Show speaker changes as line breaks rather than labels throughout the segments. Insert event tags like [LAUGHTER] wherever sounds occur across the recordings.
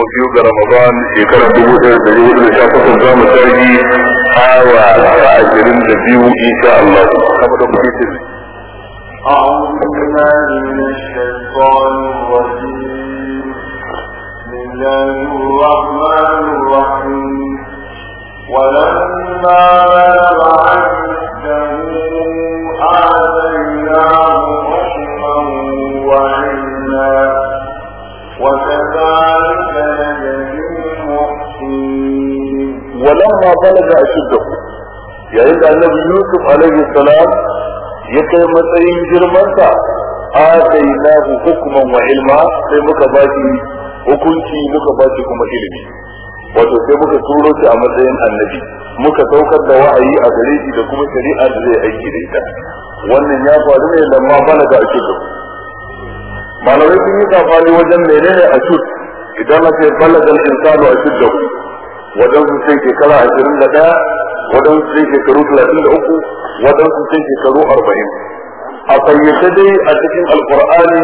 kuma biyu ga ramadan shekarar dubu ɗaya da dari hudu da sha takwas za mu sarki awa ta ashirin da biyu insha Allah kama da kuke ce
أعوذ بالله من الشيطان الرجيم بسم الله الرحمن الرحيم ولما بلغ عجله آتيناه حكما وعلما وكفى ولما بلغ ashiddahu yayin da annabi yusuf alaihi salam ya kai matsayin girmansa
atainahu hukman wa ilma sai muka hukunci muka ba kuma ilimi wato sai muka turo shi a matsayin annabi muka saukar da wa'ayi a gare shi da kuma shari'a da zai aiki da ita wannan ya faru ne lamma balaga ashiddahu malamai sun yi wajen menene ashud idan ake balagal insanu ashiddahu waɗansu sai shekara ashirin da ɗaya waɗansu sai shekaru talatin da uku waɗansu sai shekaru arba'in a fayyace dai a cikin alkur'ani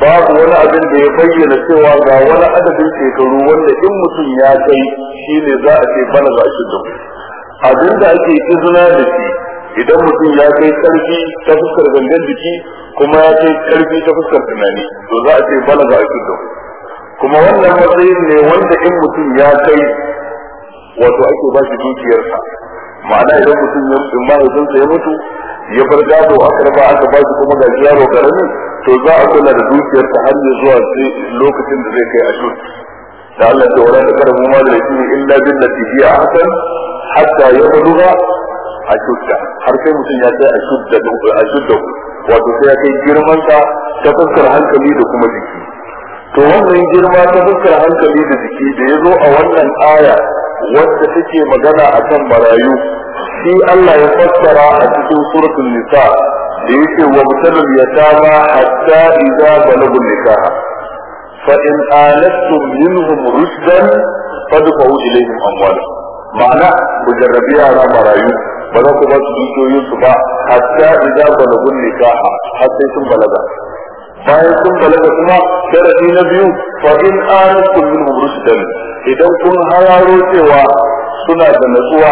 babu wani abin da ya bayyana cewa ga wani adadin shekaru wanda in mutum ya kai shi ne za a ce bana za a shi duk
abin da ake izina da shi
idan mutum ya kai karfi ta fuskar gangan jiki kuma ya kai karfi ta fuskar tunani to za a ce bana za a shi duk kuma wannan matsayin ne wanda in mutum ya kai wato ake ba shi dukiyarsa ma'ana idan mutum ya in mahaifinsa ya mutu ya bar gado aka raba aka ba shi kuma ga yaro karami to za a kula da dukiyarsa har ya zuwa sai lokacin da zai kai a da Allah ta wala ta karamu ma da yake illa billati hiya ahsan hatta yabluga a shudda har sai mutum ya kai a shudda a shudda wato sai ya kai girman ta fuskar hankali da kuma jiki to wannan girma ta fuskar hankali da jiki da ya zo a wannan aya wadda take magana akan marayu shi Allah ya fassara a cikin suratul nisa da yake wa a yatama hatta idza balagu nikaha fa in alattum minhum rushdan fadfa'u ilayhim amwalahum ma'ana ku jarrabi yara marayu ba za ku ba su dukiyoyin su ba hatta idza balagu nikaha har sai sun balaga bayan sun balaga kuma sharadi na biyu fa in alattum minhum rushdan idan kun hararo cewa suna da natsuwa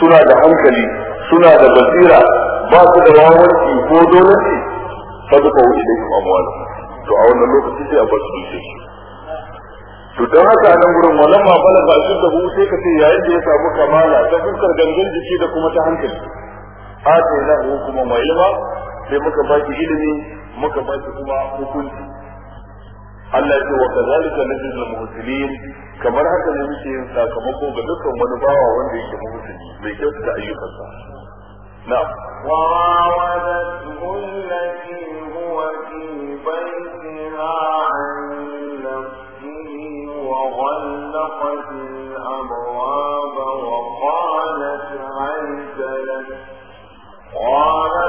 suna da hankali suna da basira ba su da wawanci ko ne fa duka wuce da kuma amwala to a wannan lokaci sai a ba su dace to don haka a nan gurin wannan ma bala ba shi da hu sai ka ce yayin da ya samu kamala ta fuskar gangan jiki da kuma ta hankali a ce na hu kuma mai yawa? sai muka ba ki ilimi muka ba kuma hukunci Allah ya ce wa kazalika najzil muhsinin kamar haka ne muke yin sakamako ga dukkan wani bawa wanda yake muhsini mai kyautata ayyukansa
na'am wa rawadathu allati huwa fi baytiha an nafsihi wa ghallaqat al-abwab wa qalat hayta lak qala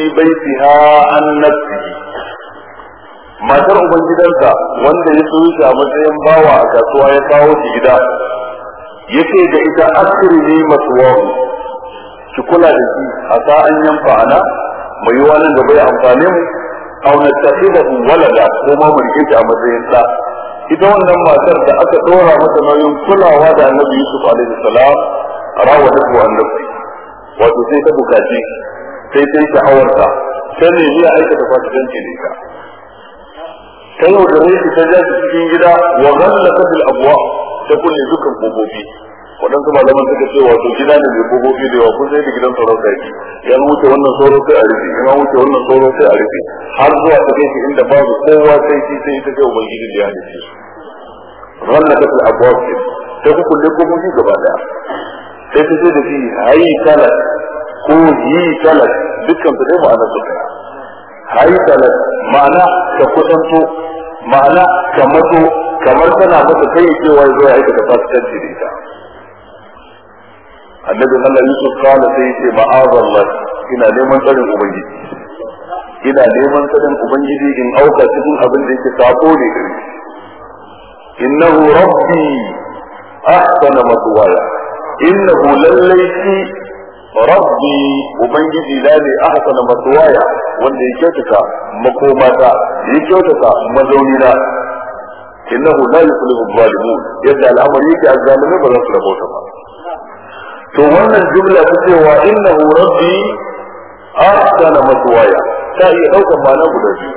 fi baitiha an nafsihi matar
ubangidansa wanda ya soyi shi a matsayin bawa a kasuwa ya kawo shi gida yace da ita akrini masuwahu ki kula da shi a an yanfa ana mai yiwa nan da ya amfani mu aw nattakhidahu da ko ma mu rike a matsayin da ita wannan matar da aka dora mata nauyin kulawa da annabi Yusuf alaihi salam rawadatu an nafsi wato sai ta bukaci sai sun sha'awarta sai mai zuwa aikata fasikanci ne ka ta yau da rai ta ja cikin gida wa zalla ta bil abuwa ta kunne dukkan kofofi waɗansu malaman suka ce wato gida ne mai kofofi da yawa kun sai da gidan sauran sai ya wuce wannan sauro sai a rufe ya wuce wannan sauro sai a rufe har zuwa ta kai inda babu kowa sai shi sai ita ce ubangiji da ya halice zalla ta bil abuwa ce ta kulle kofofi gaba daya sai ta ce da shi hayi kala ko yi talat dukkan su dai ma'ana su kai hai talat ma'ana ka kusanto ma'ana ka mato kamar tana masa kai cewa zo ya aikata fasikanci da ita annabi Allah Yusuf kana sai yace ma'azallah ina neman tsarin ubangiji ina neman tsarin ubangiji in auka cikin abin da yake sako ne gare innahu rabbi ahsana maswaya innahu lallai rabbi ubangiji na ne ahsana maswaya wanda ya kyautata makomata ya kyautata mazaunina innahu la yuflihu zalimun yadda al'amari yake azzalimai ba za su rabota ba to wannan jumla ta cewa innahu rabbi ahsana maswaya ta iya daukar ma'ana guda biyu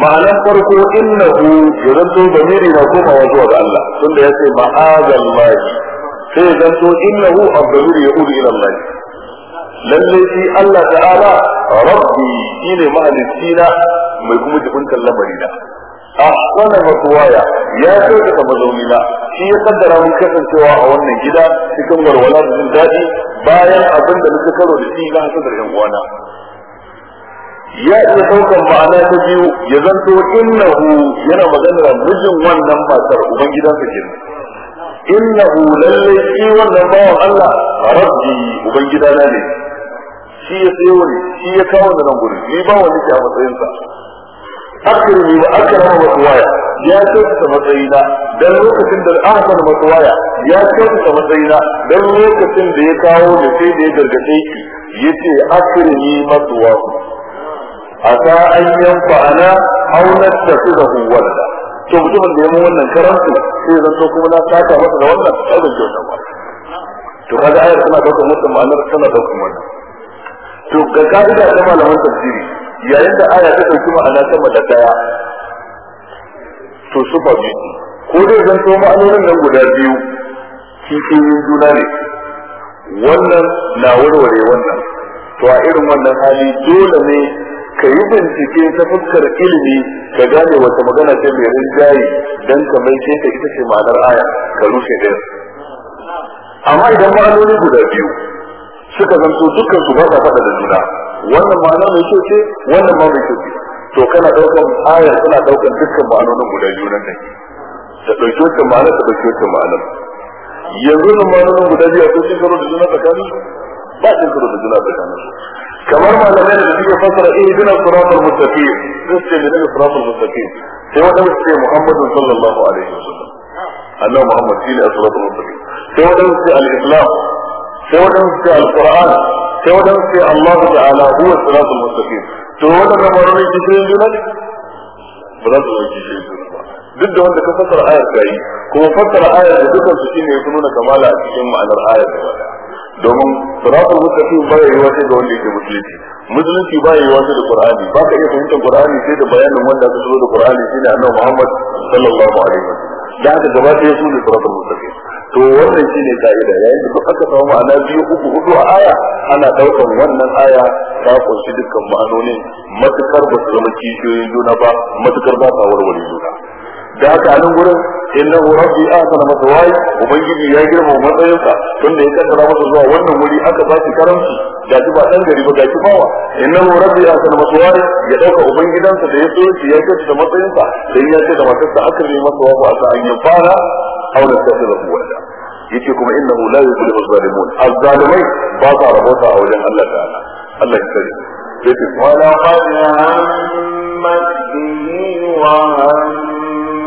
ma'anar farko innahu yanzu zamiri na komawa zuwa ga Allah tunda ya ce ma'azal mahi sai ya zanto innahu abdur yaudu ila Allah lalle shi Allah ta'ala rabbi shine mahalicci na mai kuma jibuntar lamari na ahsana matwaya ya kyautata mazauni na shi ya kaddara mun kasancewa a wannan gida cikin walwala da jin daɗi bayan abin da muka karo da shi na hasadar yan uwana ya iya daukan ma'ana ta biyu ya zanto innahu yana maganar mijin wannan matar ubangidansa kenan innahu lalle shi wannan bawan Allah rabbi ubangidana ne shi ya tsayo ne shi ya kawo da nan gurin ni ba wani ke a matsayin sa akrimi wa akrama matuwaya ya kyautata matsayina dan lokacin da ahsan matuwaya ya kyautata matsayina dan lokacin da ya kawo da sai da ya gargaɗe ki yace akrimi matuwa asa an yanfa ana aunat tasidahu walada to mutumin da ya mun wannan karantu sai zan so kuma na saka masa da wannan abin da ba to kaga ayar tana daukar musu ma'anar tana daukar wannan to ga ka'ida da malaman tafsiri yayin da aya ta dauki ma'ana sama da daya to su fa ko dai zan so ma'anonin nan guda biyu yin juna ne wannan na warware wannan to a irin wannan hali dole ne ka yi bincike ta fuskar ilimi ka gane wata magana ta mai rinjaye don ka mai ce ta ita ce ma'anar aya ka rushe ɗin amma idan ma'anoni guda biyu suka zanto dukkan su ba ta faɗa da juna wannan ma'ana mai kyau ce wannan ma mai kyau ce to kana ɗaukan ayar kana ɗaukan dukkan ma'anonin guda biyu nan da ta ɗauki wata ma'ana ta ɗauki wata ma'anar yanzu nan ma'anonin guda biyu a sun karo da juna tsakanin ba sun karo da juna tsakanin كما ما لدينا نتيجة فترة ايه بنا الصراط المستقيم نسي لدينا الصراط المستقيم سوى نسي إيه محمد صلى الله عليه وسلم أنه محمد سيلة الصراط المستقيم سوى نسي الإسلام سوى نسي القرآن سوى نسي الله تعالى هو الصراط المستقيم سوى نسي مرمي جسرين دونك فلن تقول جسرين دونك ضد وانت كفتر آية كأي كما فتر آية جدا سكين يكونون كمالا كشم على الآية كمالا domin siratul mutafi ba yi wace da wanda yake musulunci musulunci ba yi wace da qur'ani ba ka iya fahimtar qur'ani sai da bayanin wanda aka zo da qur'ani shine annabi Muhammad sallallahu alaihi wasallam da gaba sai su ne siratul mutafi to wannan shine ka'ida yayin da duk aka samu ma'ana biyu uku hudu a aya ana daukan wannan aya ta kunshi dukkan ma'anonin matukar ba su zama kishiyoyin juna ba matukar ba sa warware juna da haka nan gurin innahu rabbi ahsana maswaya ubangiji ya girma matsayinsa tunda ya kaddara masa zuwa wannan wuri aka ba shi karamci ga ba dan ba ga shi Inna innahu rabbi ahsana maswaya ya ɗauka ubangidansa da ya so shi ya kaddara matsayinsa dan ya ce da matarsa akrimi maswaya ko aka an yi fara aure ta da wanda yace kuma innahu la yuflihu zalimun azzalimai ba sa a wajen
a Allah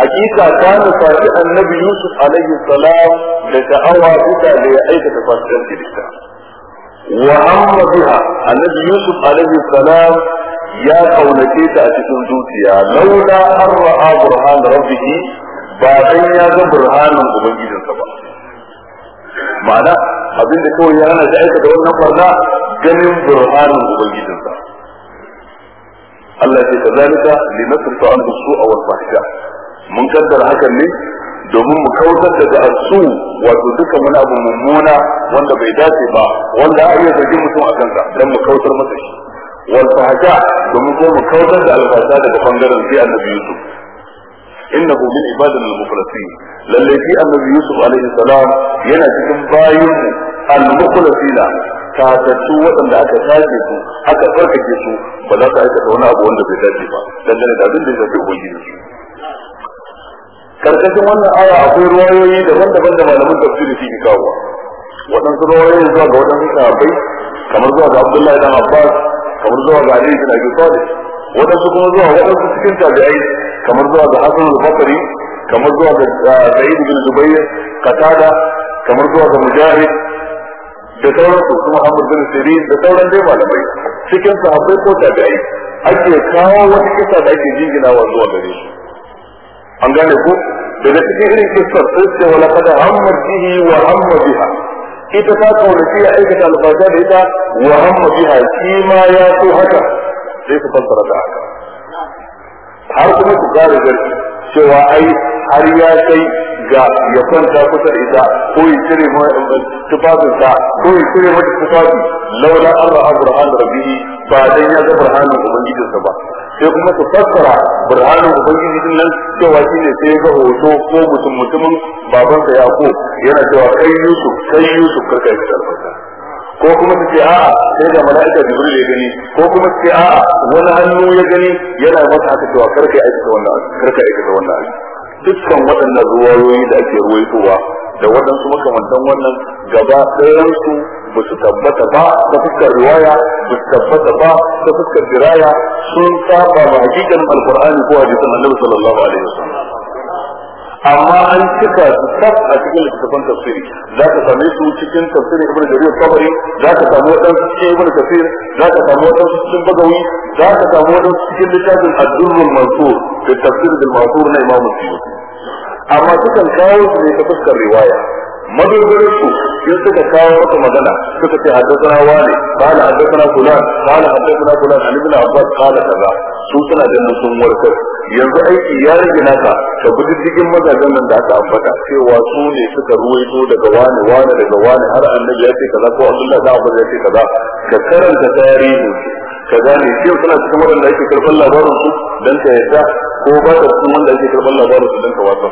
hakika ta nufaci
annabi yusuf alaihi salam
da da'awa bisa da ya aikata fasikanci da ita
wa amma biha
annabi yusuf alaihi salam ya kaunace ta a cikin zuciya laula an ra'a burhan rabbih ba dan ya ga burhanin ubangijinsa ba ma'ana abinda kawai ya hana shi aikata wannan barna ganin burhanin ubangijinsa Allah ya ce kazalika linasrifa anhu su'a wal fahsha' mun kaddara hakan ne domin mu kautar daga asu wato duka wani abu mummuna wanda bai dace ba wanda a iya zargi mutum a kansa don mu kautar masa shi wal fahja domin ko mu kautar da albasa daga bangaren sai annabi Yusuf innahu min ibadina al-mukhlasin lalle fi annabi Yusuf alaihi salam yana cikin bayin al-mukhlasina tatattu waɗanda aka tace su aka farkake su ba za su aikata wani abu wanda bai dace ba dangane da abin da ya shafi ubangiji su
karkashin wannan aya akwai ruwayoyi daban-daban da
malamin tafsiri suke kawo waɗansu ruwayoyi zuwa ga waɗansu sahabbai kamar zuwa ga Abdullahi dan Abbas kamar zuwa ga Ali bin Abi Talib waɗansu kuma zuwa waɗansu cikin tabi'ai kamar zuwa ga Hasan al-Bakri kamar zuwa ga ah, sa'id bin Zubayr Qatada kamar zuwa ga Mujahid da sauransu kuma Ahmad bin Sirin da sauran dai malamai cikin sahabbai ko tabi'ai ake kawo wani kisa da ake jinginawa zuwa gare shi an gane ko daga cikin irin kisar sun ce wala kada hamma bihi wa hamma biha ita ta kaunaci ya aikata albasha da ita wa hamma biha shi ma ya so haka sai su fassara da haka har kuma su kare zarki cewa ai har ya kai ga ya kwanta kusa da ita ko ya cire eh, tufafinsa ko ya cire mata tufafi laula an ra'a burhan rabbi ba dan ya ga burhanin ubangijinsa ba sai kuma su fassara burhanin ubangiji din nan cewa shi ne sai ga hoto ko mutum mutumin babansa ya ko yana cewa kai yusuf kai yusuf ka kai ko kuma su ce a'a sai da mala'ika jibril ya gani ko kuma su ce a'a wani hannu ya gani yana masa haka cewa karka ya aikata wannan karka aikata wannan dukkan waɗannan ruwayoyi da ake ruwaitowa da waɗansu makamantan wannan gaba ɗayan su ba su tabbata ba ta fuskar riwaya ba su tabbata ba ta fuskar diraya
sun saba ma
hakikan alkur'ani ko hadisin annabi sallallahu alaihi wasallam amma an cika su sab a cikin littattafan tafsiri za ka same su cikin tafsirin ibnu jarir tabari za ka samu wadansu cikin ibnu kafir za ka samu wadansu cikin bagawi za ka samu wadansu cikin littafin ad-durrul mansur da tafsir al-mansur na imam amma sukan kawo su ne ta fuskar riwaya madogarin su sai suka kawo maka magana suka ce haddasana wani kala na fulan kala na fulan an ibn abbas kala kaza su suna da sun warkar yanzu aiki ya rage naka ka bi diddigin mazajen nan da aka ambata cewa su ne suka ruwaito daga wani wani daga wani har annabi ya ce kaza ko abdullahi da abbas ya ce kaza ka karanta tarihi ka gane shi suna cikin waɗanda ake karɓar labarin su dan ka yadda ko ba ka cikin wanda ake karɓar labarin su dan ka wasa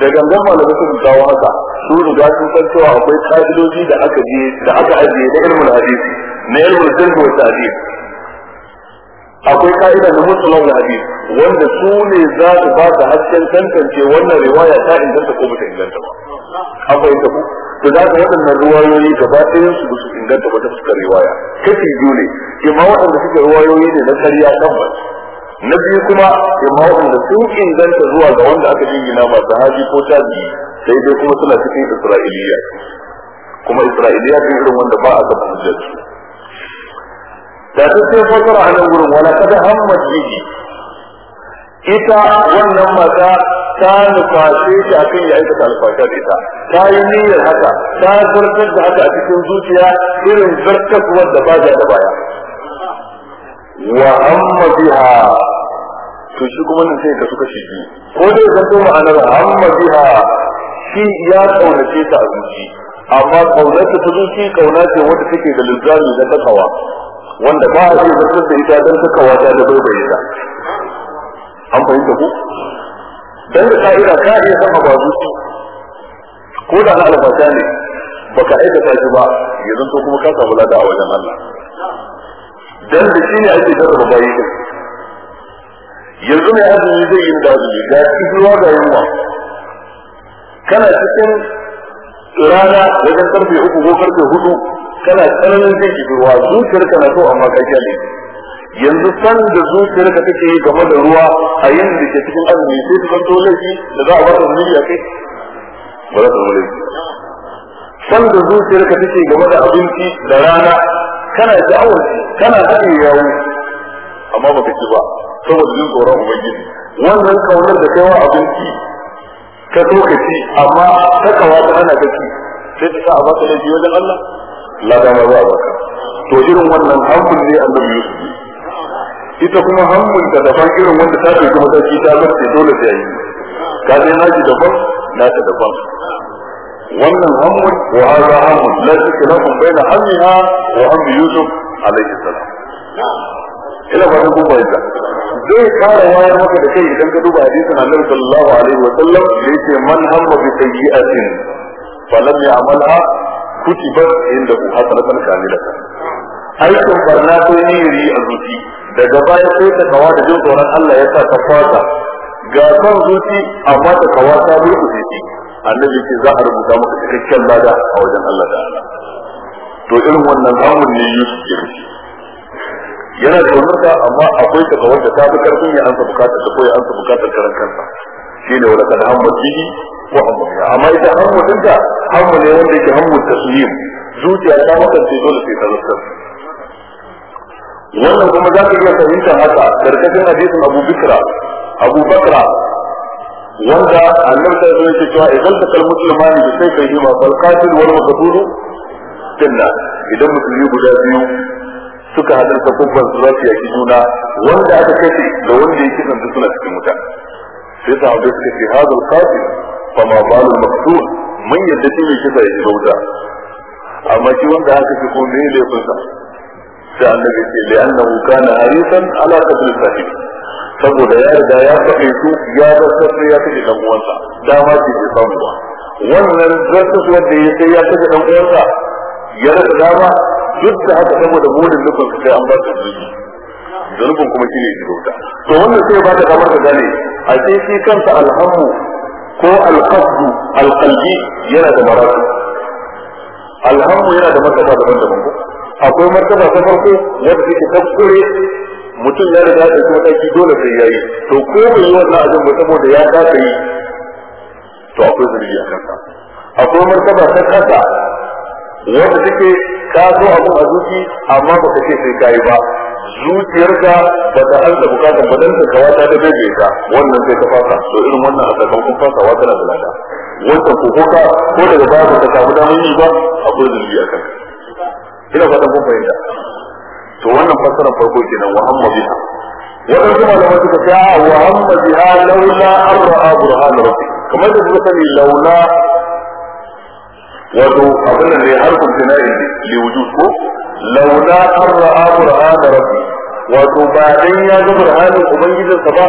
da gangan malamai suka kawo haka su riga sun san cewa akwai ka'idoji da aka je da aka ajiye na ilmul hadisi na ilmul sirri wa ta'dil akwai ka'ida na musulman hadisi wanda su ne za su ba ta hasken tantance wannan riwaya ta inganta ko bata inganta ba akwai ta ku to za ka waɗannan ruwayoyi gaba ɗayan su su inganta wata ta fuskar riwaya kashi biyu ne kuma waɗanda suke ruwayoyi ne na karya tabbas na biyu kuma imha'un da sun inganta zuwa ga wanda aka jingina ba haji ko biyu, sai dai kuma suna cikin isra'iliya kuma isra'iliya din irin wanda ba a gaban hujjar da
ta sai fasara a nan wana wala kada hammad biyu?
ita wannan mata ta nufashe shi a kan ya aikata alfasha da ita ta yi niyyar haka ta zartar da haka a cikin zuciya irin zartar wadda ba da baya wa amma biha to shi kuma nan sai ka suka shi ko dai zan to ma'anar amma biha shi ya kaunace ta a zuci
amma kaunarsa ta zuci kauna ce wanda
take da lizzami da takawa wanda ba a iya zartar da ita don takawa ta da baibaye ta an fahimta ku dan da ka'ida ka iya san ba zuci ko da na albasa ne baka aikata shi ba ya zanto kuma ka samu lada a wajen Allah dan da shi ne ake da bayi din yanzu mai azumi zai yi da azumi ga ruwa ga yunwa kana cikin rana wajen karfe uku ko karfe hudu kana tsananin jin ruwa, zuciyarka na so amma ka ne yanzu san da zuciyarka take yi game da ruwa a yin da ke cikin azumi sai ta zanto laifi da za a ba ta zuciya kai ba za ta zama laifi
san da ka take game da abinci da rana kana sha'awar kana haɗin yawo
amma ba baka ci ba saboda jin tsoron ubangiji wannan kaunar da kaiwa abinci ka so ka ci amma takawa ta hana ka ci sai ta sa a baka laifi wajen Allah lada ma za a to irin wannan hankul ne annabi Yusuf ita kuma hankul ta daban irin wanda ta ɗauki mataki ta zarce dole ta yi ka je na daban na ta daban wannan hamun wa hada hamun la tikilakum baina hammiha wa hammi yusuf alaihi salam ina ba ta kuma yadda zai fara wayar maka da kai idan ka duba hadisin annabi sallallahu alaihi wa sallam da yake man hamma bi sayyi'atin fa lam ya'malha kutibat inda ku hasanatan kamilatan aikin barna ko yiri a zuci daga baya sai ta kawa da jin tsoron Allah ya sa ta fata ga san zuci amma ta kawa ta bi ku sai annabi ce za a rubuta maka cikakken lada a wajen Allah ta'ala to irin wannan zamun ne Yusuf ke rufe yana da umarta amma akwai ta kawar da ta fi karfin ya ansa bukatar ta ko ya ansa bukatar karan kansa shi ne wadda kan hammu bihi ko hammu ya amma ita hammu ɗinka hammu ne wanda yake su yi zuciya ta makance dole sai ta zartar wannan kuma za ka iya fahimta haka karkashin hadisin abu bikra abu bakra wanda annabi ta zo yake cewa idan ta kalmu musulmani da sai kai ma fal qatil wal maqtul jinna idan musulmi guda biyu suka hadar ta kubban su za su yaki juna wanda aka kace da wanda yake kan suna cikin wuta sai ta abu suka ce hadu qatil fa ma al maqtul mun yadda shi mai kisa ya shiga wuta amma shi wanda aka kace ko me ne laifinsa sai annabi ce da annahu kana harisan ala qatl sahibi saboda ya riga ya kaɗe su ya zartar ya kaɗe ɗan uwansa dama ce bai samu ba wannan zartar wanda ya sai ya kaɗe ɗan uwansa ya rasa dama duk da haka saboda burin nufin su sai an ba su zuci zunubin kuma shi ne shiga to wannan sai ba da damar ka gane a ce shi kansa alhamu ko alhafdu alƙalbi yana da maratu Alhamu yana da martaba daban-daban akwai martaba ta farko wadda take tafsire mutum ya riga da kuma ɗaki dole sai ya yi to ko bai yi wannan abin ba saboda ya ka yi to akwai zurfi a kansa akwai martaba ta kasa wanda take ka zo abin a zuci amma ba ka ce sai ka yi ba zuciyarka ba ta an bukatar ba dan kawa ta da bai ka, wannan sai ka fasa to irin wannan a sakamakon fasawa tana da lada wannan ko ko ka ko daga baya ba ka samu damar yi ba akwai zurfi a kanka ina fatan kun fahimta to wannan fassara farko kenan wa amma biha wadansu malamai suka ce a wa amma biha laula an ra'a burhan rabbi kamar da suka sani laula wato abin da ne har kun tana inda li wujud ko laula an ra'a burhan rabbi wato ba dan ya ga burhanin ubangijinsa ba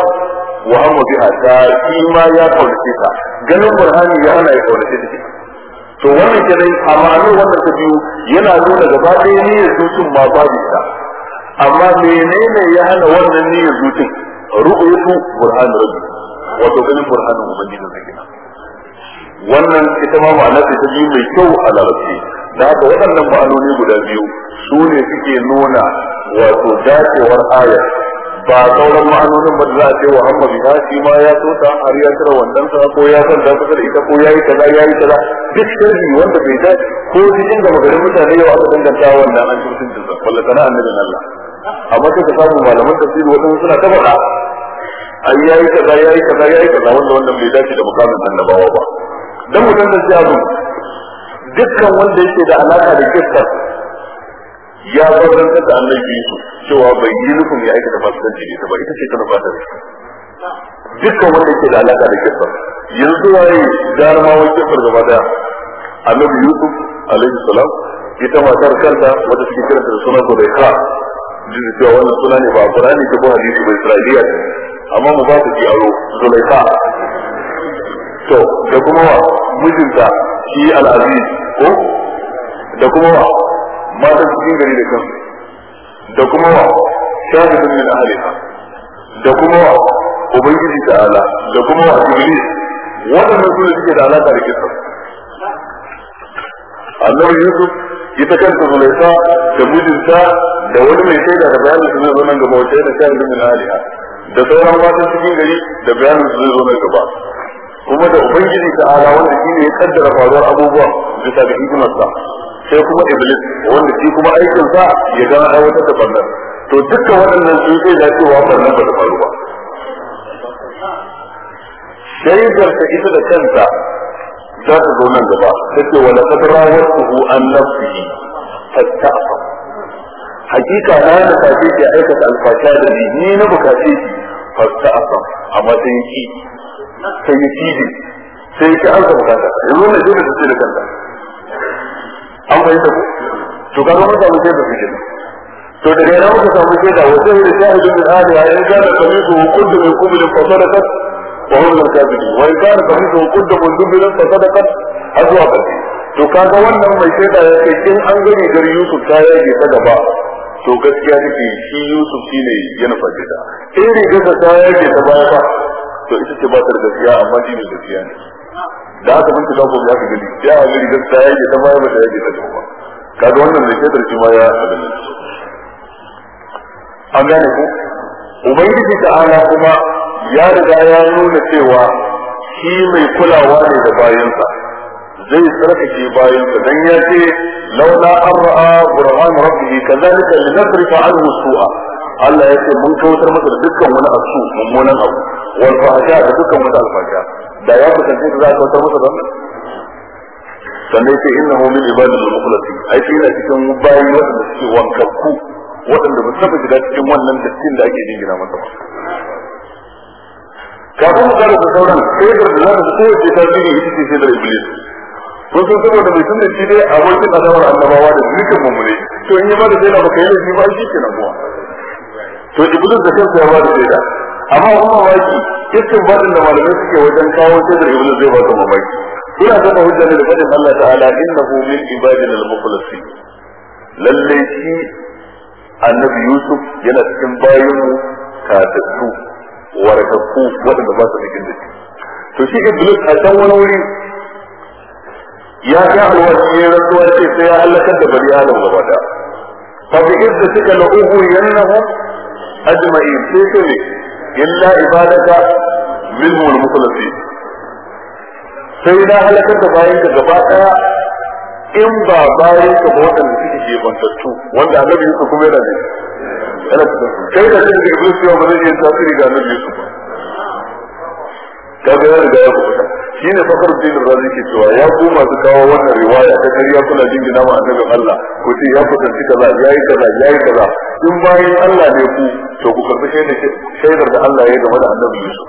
wa amma biha ta shi ma ya kaunace ta ganin burhani ya hana ya kaunace ta to wannan kenan amanu wannan ta biyu yana nuna gaba ɗaya niyyar zucin ma babu ita amma menene ya hana wannan niyyar zucin ru'yatu qur'an rabbi wato ganin qur'anin ubangiji da kina wannan ita ma ma'anar ta biyu mai kyau a larabci da haka waɗannan ma'anoni guda biyu su ne suke nuna wato dacewar ayar ba sauran ma'anonin ba za a ce wa hamma biha shi ma ya so ta har ya tara wannan sa ko ya san da kusa da ita ko ya yi kaza ya yi kaza duk sirri wanda bai da ko cikin da magarin mutane yau aka danganta wannan an cikin dinsa sana'a na da Allah amma sai ka samu malaman tafsiri wadanda suna ta faɗa ya yi kaza ya yi kaza ya yi kaza wanda wannan bai dace da mukamin annabawa ba dan mutum da shi duk dukkan wanda yake da alaka da kissa ya bazantar da annabi su cewa bai yi nufin ya aikata fasikanci ne ba ita ce ta nufa da dukkan wanda ke da alaka da kisa yanzu waye jarumawan kisar gaba daya annabi yusuf alaihi salam ita matar kanta wata suke kiranta da sunan Zulaikha duk da wannan suna ne ba Qur'ani ko hadisi ba Isra'iliya ne amma mu ba su ji aro Zulaikha to da kuma wa mijinta shi al-Aziz ko da kuma wa matan cikin gari da kansu da kuma wa shahidun min ahliha da kuma wa ubangiji ta'ala da kuma wa iblis waɗannan su ne suke da alaƙa da kisa annabi yusuf ita kanta zulaita da mijinta da wani mai shaida da bayanin su zai zo nan gaba wacce da shahidun min ahliha da sauran matan cikin gari da bayanin su zai zo nan gaba kuma da ubangiji ta'ala wanda shine ya kaddara faruwar abubuwa bisa ga hikimarsa sai kuma iblis wanda shi kuma aikin sa ya ga aiwatar da bannan to dukkan waɗannan su sai da cewa bannan ba da faru ba shaidar ta ita da kanta za ta zo nan gaba ta ce wala qad rawatuhu an nafsihi fastafa hakika na da kace ke aikata alfasha da ni na bukace shi fastafa amma sai ki sai ki sai ki an bukata yanzu ne dole ta ce da kanta an fahimta ku to kaga mun samu sai da su kenan to daga yana muka samu sai da wasu da shahidu min ahliha in kana qamisu qudda min qubul da sadaqat wa hum la kadhibun wa in kana qamisu qudda min qubul fa sadaqat azwa kadhi to kaga wannan mai shaida ya ce in an gani gari Yusuf ta yage ta gaba to gaskiya nake shi Yusuf shi ne ya nufa da in rigar ta yage ta baya ba to ita ce ba ta gaskiya amma shi ne gaskiya ne da aka mun kaza gobe aka gani ya a gari gaskiya yake ta baya bata yake ta gaba kaga wannan da shedar shi ma ya abin an gane ku ubangiji ala kuma ya riga ya nuna cewa shi mai kulawa ne da bayansa zai tsarkake bayansa dan ya ce laula an ra'a burhan rabbihi kazalika linasrifa anhu su'a Allah ya ce mun kautar masa da dukkan wani asu mummunan abu wal fahsha da dukkan wata alfasha da ya kasance da za a kautar masa ban sannan sai innahu min ibadil mukhlasin ai shi yana cikin bayi wanda suke wankakku waɗanda ba saba shiga cikin wannan dattin da ake jingina masa ba kafin mu kara da sauran shaidar da za mai sunna shi dai abokin adawar annabawa da dukkan mummune to in yi ba da shaida baka yi da shi ba shi kenan kuwa to iblis da kansa ya ba da shaida amma kuma waki cikin fadin da malamai suke wajen kawo da ibnu zai ba ka mamaki suna ta hujja ne da fadin Allah ta'ala innahu min ibadina al-mukhlasin lalle shi annabi Yusuf yana cikin bayinmu katattu warakakku waɗanda ba su da shi to shi Iblis a can wani wuri ya ga alwaci ya rantsuwa ce sai ya halakar da bari halin gaba da fa bi idda suka la'uhu yannahu ajma'in sai sai illa ibadaka minhum al-mukhlasin sai na halakar da bayan ka gaba daya in ba bayan ka ba wanda suke ke bantattu wanda annabi Yusuf kuma yana da yana da kai da shi da Iblis ba zai yi tasiri ga annabi Yusuf ba kaga ya riga ya fita shine fakar din razi ke cewa ya ku masu kawo wannan riwaya ta kariya kuna jingina ma annabin Allah ku ce ya kusanci kaza ya yi kaza ya yi kaza in bayan Allah ne ku to ku karbi shaidar da Allah ya game da annabi Yusuf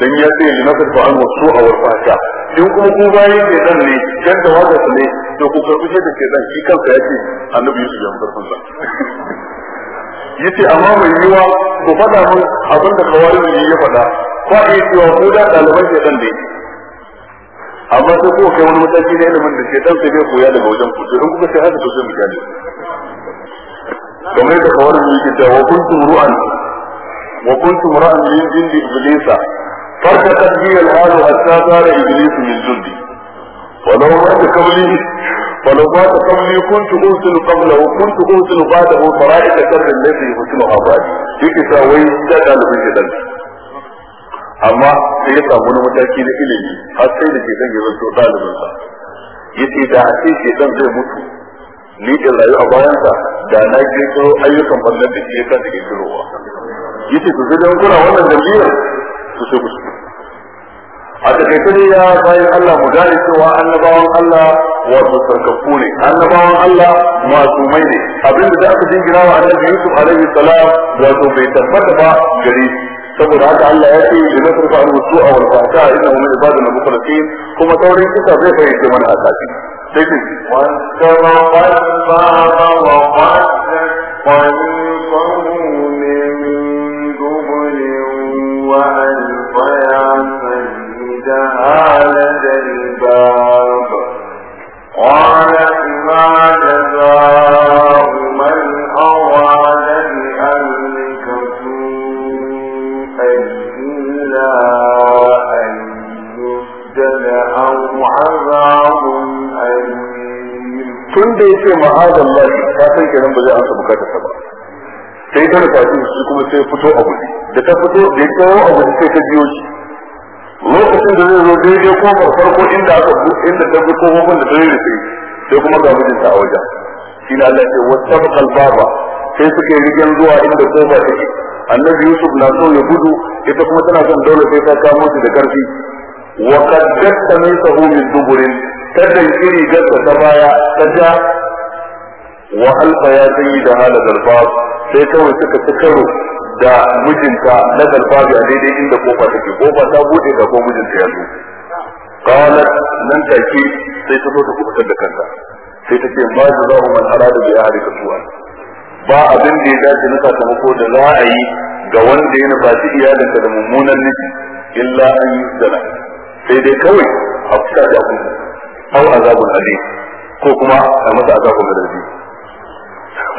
dan ya ce ni nasar fa'an wasu a warfasha in kuma ku bayan ne dan ne dan da wanda su ne to ku karbi shaidar ke dan shi kansa ya ce annabi Yusuf ya mutar sa [LAUGHS] yace amma mai yiwa ku faɗa mun abin da kawai ya faɗa ba a yi cewa ku da ɗaliban shaitan dai amma sai kai wani mataki na ilimin da shaitan sai bai koya daga wajen ku to in sai haka to sai mu kamar da kawar mu yake cewa kuntum ru'an wa kuntum ra'an min jindi iblisa فارتقت به الحال حتى صار ابليس من جندي ولو مات kuntu ولو مات قبلي كنت ارسل قبله وكنت ارسل بعده فرائد شر الذي يرسلها بعدي wai كتاوي جدل في جدل amma sai ya samu wani mataki na ilimi har sai da ke zan yi zanto ya ce da a ke zan zai mutu ni in rayu a bayansa da na kirkiro ayyukan wannan da ke yasa da ke kirowa Ya ce sai dan kula wannan dalilin su sai musu a takaice ne ya bayan Allah mu gane cewa annabawan Allah wato sarkafu ne annabawan Allah masumai ne abinda da aka jingina wa annabi Yusuf alaihi salam wato bai tabbata ba gare shi saboda haka Allah ya ce da nasar fa rusu a wal ina mun min ibadina mukhlasin kuma saurin kisa zai fahimci mana haka sai
ce wa sababa wa qad وألف يا سيدها لدى الباب قالت ما جزاء من أراد tun da yake ma'adan lafi ta san kenan ba
zai ansa bukatar ta ba sai ta rufa shi su kuma sai fito a guji da ta fito da ya kawo a guji sai ta biyo shi lokacin da zai zo daidai kofar farko inda aka inda ta bi kofofin da ta yi da sai kuma ga mijinta a wajen shi na lafiya wata wata ba sai suke rigen zuwa inda kofa take annabi yusuf na so ya gudu ita kuma tana son dole sai ta kamo shi da karfi wa kad gatta sahu min duburin ta dankiri gatta ta baya ta ja wa ya sayi da hala zalfab sai kawai suka ci karo da mijinta na zalfab daidai inda kofa take kofa ta bude da mijinta ya zo qalat nan sai ta zo ta da kanta sai ta ce ma ba abin da ya dace na sakamako da za a yi ga wanda ya nufaci iyalinka da mummunan nufi illa an yi zana sai dai kawai a fuska da kuma au azabun alim ko kuma a masa azabun radadi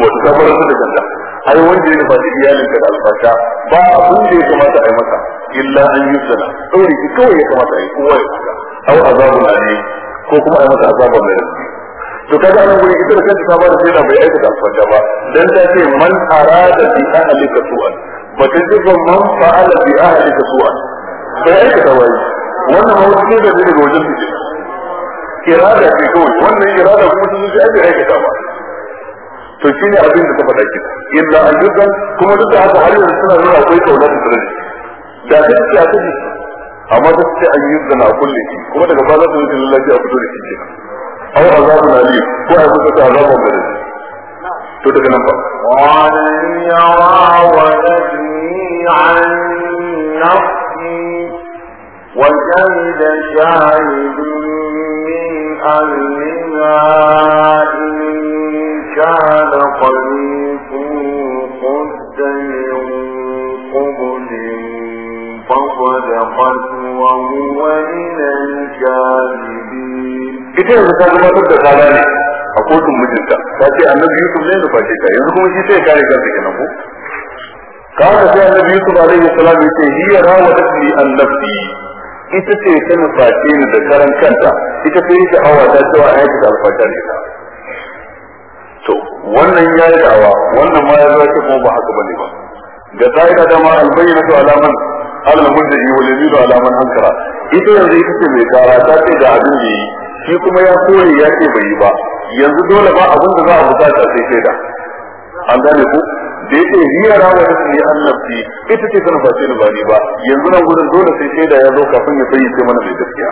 wato ta fara da kanta ai wanda ya nufa iyalin ka da alfasha ba abin da ya kamata a yi masa illa an yi sana saboda ki kawai ya kamata a yi kowa ya fuska au azabun alim ko kuma a masa azabun radadi to kaga nan gurin ita da kanta ta bada shaida bai aikata alfasha ba dan ta ce man arada bi ahlika su'an ba ta ce man fa'ala bi ahlika su'an
bai aikata wani wannan ma wasu
da daga wajen su irada ce kawai wannan irada kuma sun ji ake aikata ba to shi ne abin da ta faɗa ki illa ayyukan kuma duk da haka har yanzu suna nuna akwai kauna da sirri da ta ce a tafi amma ta ce an na a kulle ki kuma daga ba za su wuce lallafi a fito da shi kenan aw azabun alim ko a kusa ta azabun da shi to daga nan ba قال هي راودتني
عن نفسي وشهد شاهد من أهلها إن كان قميصه قد من قبل فصدقت وهو من الكاذبين.
إذا كانت تتعلم a kotun mijinta ta ce annabi yusuf ne da face ta yanzu kuma shi sai kare kansa kenan ko kawo sai annabi yusuf alaihi salam yace hiya rawadatni an ita ce ta nufaci ni da karan kanta ita ce yi sha'awa ta cewa a yaki da alfata ne ta to wannan ya yi da'awa wannan ma ya zai ta kuma ba haka ba ne ba ga ta'ida ma albayyana su alaman da iya wal yazidu alaman hankara. ita yanzu ita ce mai kara ta ce da abin da yi shi kuma ya kore ya ce bai yi ba yanzu dole ba abin da za a buƙata sai da an gane ku da yake riya rawa da ne annabi ita ce kana face ni bari ba yanzu nan gurin dole sai sai da ya zo kafin ya sani sai mana mai gaskiya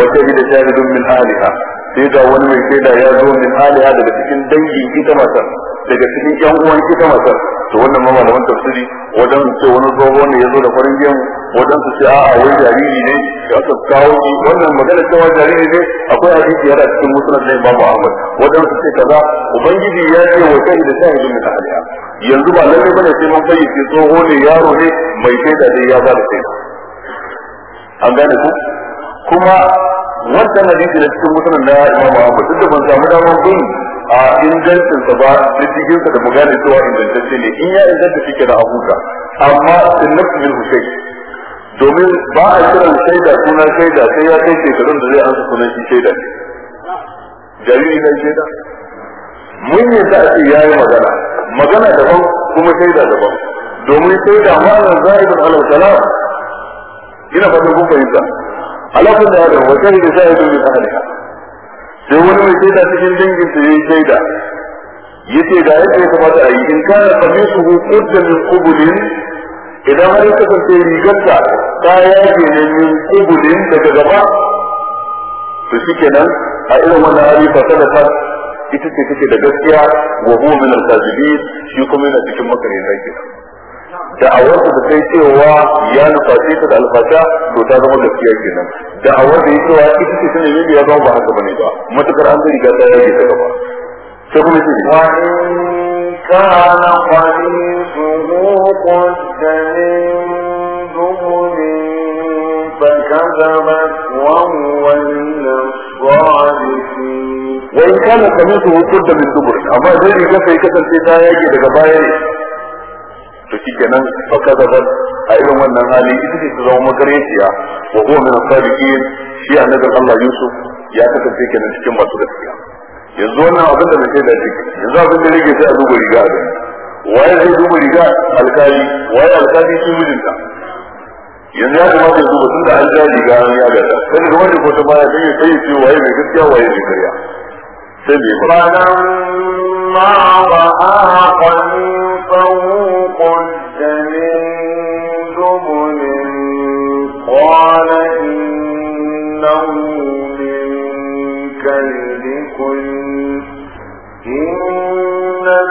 wata bi da shahidun min aliha sai da wani mai sai da ya zo min aliha daga cikin dangin ita matar daga cikin yan uwan ita matar to wannan ma malaman tafsiri wajen ce wani tsoho ne ya zo da farin biyan wajen su ce a'a wai jariri ne ya aka kawo shi wannan magana cewa jariri ne akwai hadisi yana cikin musulun da babu ahmad wajen su ce kaza ubangiji ya ce wa shahidu shahidun min aliha yanzu ba lalle bane sai mun ke tsoho ne yaro ne mai shaida dai ya ba da shaida an gane ku kuma wannan hadisi da cikin mutanen da Imam Ahmad duk da ban samu damar bin a ingancin sa ba da cikin sa da magana cewa ingantacce ne in ya inganta shi kenan abuka amma sunnatu bil husayn domin ba a kiran shaida suna shaida sai ya kai shekarun da zai ansa sunan shi shaida jariri na shaida mun yi a ce yi magana magana daban kuma shaida daban domin shaida wannan za'idun alal kalam ina fatan kun fahimta da kulli hal wa shahida shahidun min ahliha sai wani mai shaida cikin dangin sa yayi shaida yace ga yadda ya kamata a yi in kana qamisuhu qudda min kubulin idan har ya kasance rigarsa ta yage ne min qubulin daga gaba to shikenan a irin wannan hali fa sadaka ita ce take da gaskiya wa huwa min al-kazibin shi kuma yana cikin makarai da da'awar da sai cewa ya nufaci ta da alfasha to ta zama gaskiya kenan da da ya cewa ita ce tana yi ya zama ba haka bane ba matukar an zai riga ta yake daga ba
sai kuma shi wa in kana qalibuhu qad min dubulin fa kadabat wa huwa al-sadiq wa in kana kamisu hukud da min dubur amma zai riga sai kasance
ta yage daga baya ne to baka fa kazabat a irin wannan hali ita ce ta zama magareciya wa huwa min as-sadiqin shi annabi Allah Yusuf ya kasance kenan cikin masu gaskiya yanzu wannan abin da nake da ciki yanzu abin da nake sai a duba riga da waye zai duba riga alkali waye alkali shi mijinta yanzu ya kuma zai duba tun da an ja riga an ya gada sai da wani ko ta baya sai ya sai ya ce waye mai gaskiya waye mai karya
فلما رأى قريبه قد من جبل قال إنه من كيدكم إن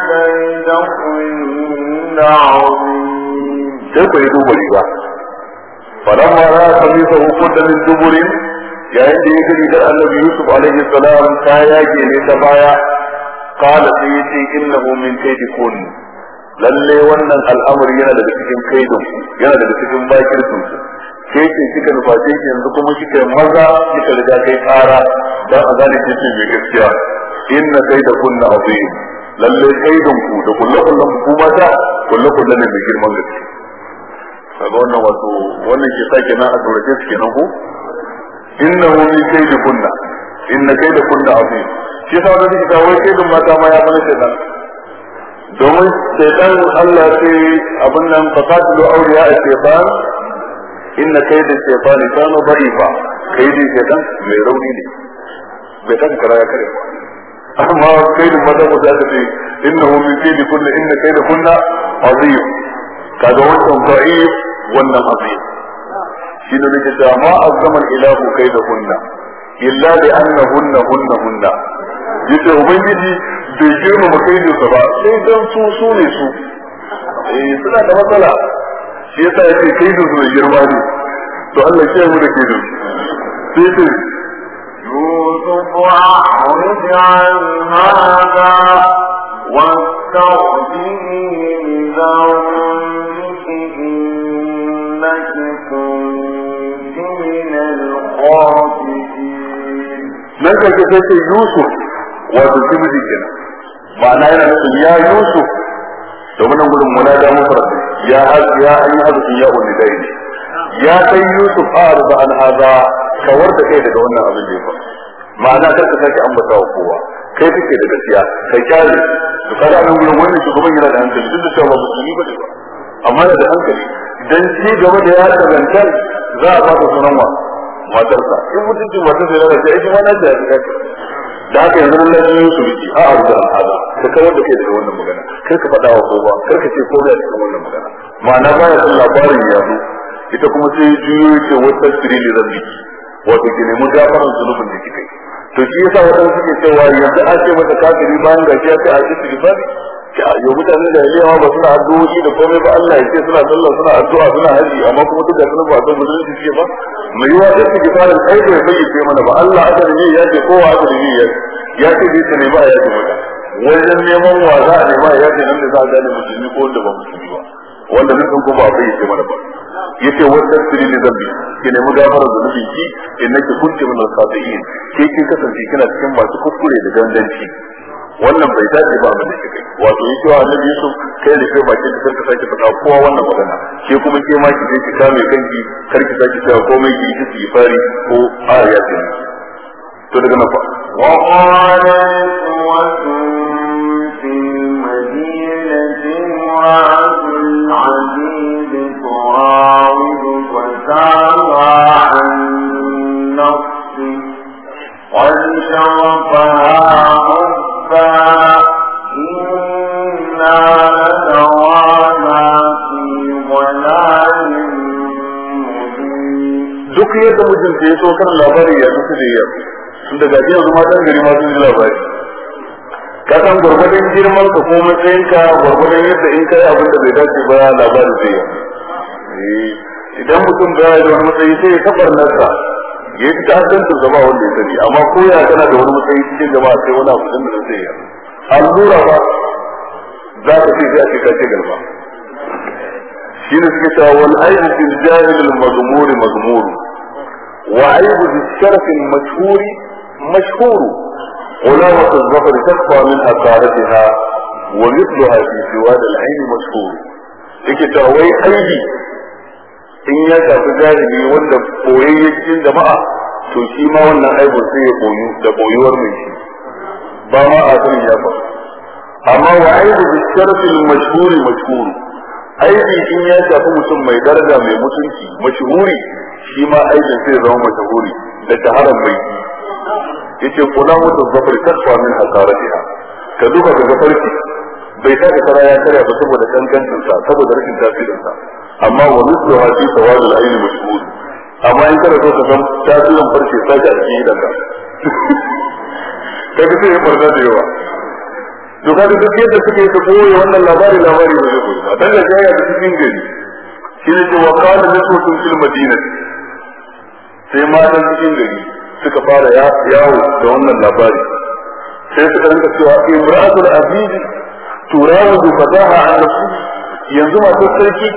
كيدكم عظيم.
كيف يدوب لي بقى؟ فلما رأى قريبه قد من جبل yayin da ya gani da annabi yusuf alaihi salam ta yage ne ta baya qala sai yace innahu min kaydikun lalle wannan al'amari yana daga cikin kaidon yana daga cikin bakin su ke ce kika nuface ki yanzu kuma kika maza kika riga kai fara dan a gane ki mai gaskiya inna kaidakunna azim lalle kaidon ku da kullu kullum ku mata kullu kullum ne mai girman gaske kaga wannan wato wannan ke sa kenan a tsorace su kenan ko innahu min kaydi kunna inna kayda kunna azim shi yasa wanda suke kawo kaidin mata ma ya bana shaytan domin shaytan Allah ce abin nan faqatilu awliya shaytan inna kayda shaytan kana da'ifa kaidin shaytan mai rauni ne bai kan kara ya kare amma kaidin mata mu za ta ce innahu min kaydi kunna inna kayda kunna azim kaga wannan da'if wannan azim shi da nake cewa ma azzamal ilahu kai da hunna illa bi annahunna hunna hunna yace ubangiji bai girma ba kai da ba sai dan su su ne su eh suna da matsala shi yasa yace kai da su ne girma ne to Allah ya mu da kai da su sai sai
يوسف أعرض عن هذا واستغفره لذنبك إنك nan ka
ce sai Yusuf wato shi miji kenan
ma'ana yana nufin ya
Yusuf domin nan gudun muna da mufrad ya ya an yi hadisin ya ulli dai ya sai Yusuf a arba an hada kawar da kai daga wannan abin da ya faru ma'ana kar ka sake ambata wa kowa kai kake da gaskiya kai kyale to kada nan gudun wannan shugaban yana da hankali duk da cewa ba musulmi ba amma da hankali dan ci gaba da ya dangantar za a ba da sunan wa matarsa in mutuncin matarsa yana da aiki ma na ji a da haka yanzu nan yi su biki a abu da al'ada ka kawar da kai daga wannan magana kar ka faɗa wa kowa kar ka ce kowa cikin wannan magana ma'ana ba ya san labarin ya zo ita kuma sai juyo ce wata siri ne zan biki wato ki nemi gafaran zunubin da kika yi to shi yasa wata suke cewa yanzu an ce mata kafiri bayan gashi ya ce a cikin bari yau mutane da yawa ba suna addu'o'i da komai ba Allah ya ce suna sallah suna addu'a suna haji amma kuma duka suna ba ta su ce ba mu yi wata su ki da kai bai bayyace mana ba Allah aka da ya ce kowa aka da ya ya ce bai ne ba ya ce mata wajen neman wa a nema ya ce nan da za a gane musulmi ko wanda ba musulmi ba wanda mutum ko ba a ce mana ba ya ce wanda sirri ne zan bi ki nemi gafara da nufin ki innaki kunti min al-khati'in ke kin kasance kina cikin masu kuskure da dandanci. wannan bai dace ba mu dace ke kai wato yi cewa annabi yusuf kai da kai bakin ka ka sake faɗa kowa wannan magana ke kuma ke ma ki je ki kame kanki kar ki sake cewa komai ki yi ki fari ko ayat din to daga nan fa
wa qala fi madinati ra'atul aziz turawid wa sawa an nafsi قد شرفها duk yadda
mijinta ya so kan labari ya mutu da iya tunda ga shi yanzu matan gari ma sun ji labari ka san gwargwadon girman ka ko matsayinka gwargwadon yadda in kai abin da bai dace ba labari zai yi eh, idan mutum ba ya da wani matsayi sai ya kabar nasa ya yi ta'addancin da ba wanda ya sani amma ko ya tana da wani matsayi cikin jama'a sai wani abu sun da zai yi
allura ba
za ta ce sai a ce ta ce galba shi ne suke cewa wal aibu bil jahil al mazmur mazmur wa aibu bil sharf al mashhur mashhur قلامة الظفر تكفى من أثارتها ومثلها في سواد العين مشهور. إيه تروي أيدي in ya shafi jarumi wanda koyayye cikin jama'a to shi ma wannan aibun sai ya koyu da koyuwar mai shi ba ma a sanin ya faru amma wa aibu bi sharafin mashhuri mashhuri aibi in ya shafi mutum mai daraja mai mutunci mashhuri shi ma aibin sai zama mashhuri da shaharar mai yace kula mutu zafar kasfa min hasaratiha ka duba ga zafarki bai sa ka ya karya ba saboda kankancin saboda rashin tasirinsa. amma wa mislu hadi sawad al-ayn mashhud amma in kada so ka san tasirin farce sai ka cikin daga. [LAUGHS] kai kace ya farka da yawa to kaga duk yadda suke ta koyi wannan labari labari ne ko A dan da ya da cikin gari shi ne wa qala nisbatun fil madinati sai matan cikin gari suka fara yawo da wannan labari sai suka rinka cewa imra'atul aziz turawidu fataha an nafsi yanzu masu sarki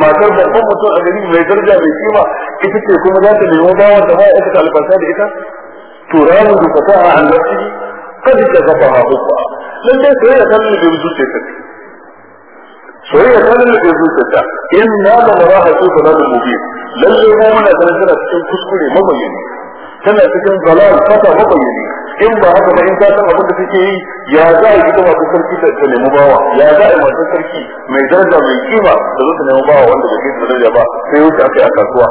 matar da kuma mutum a gari mai daraja mai kima ita ce kuma za ta nemo bawa da baya ita albarka da ita to ramu da fasaha an zafi kada ta zafa ha hukwa dai sai ya nuna da zuciya ta sai ya nuna da zuciya ta in na da maraha su da nan mu bi lalle mu muna ganin tana cikin kuskure mabayyani tana cikin zalal fata mabayyani in ba haka ba in ka san abin da suke yi ya za a yi ita sarki sarki ta nemi bawa ya za a yi masu sarki mai daraja mai kima da zo ta nemi bawa wanda ba ke da daraja ba sai wuce aka yi a kasuwa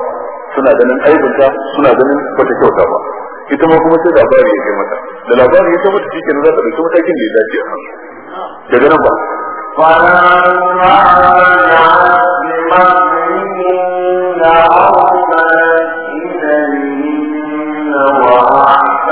suna ganin aibinta suna ganin bata kyauta ba ita ma kuma sai labari ya kai mata da labari ya kai mata shi kenan za ta dauki matakin da ya dace a kan daga nan ba فلما رجعت
بمكرهن أرسلت إليهن وأعلنت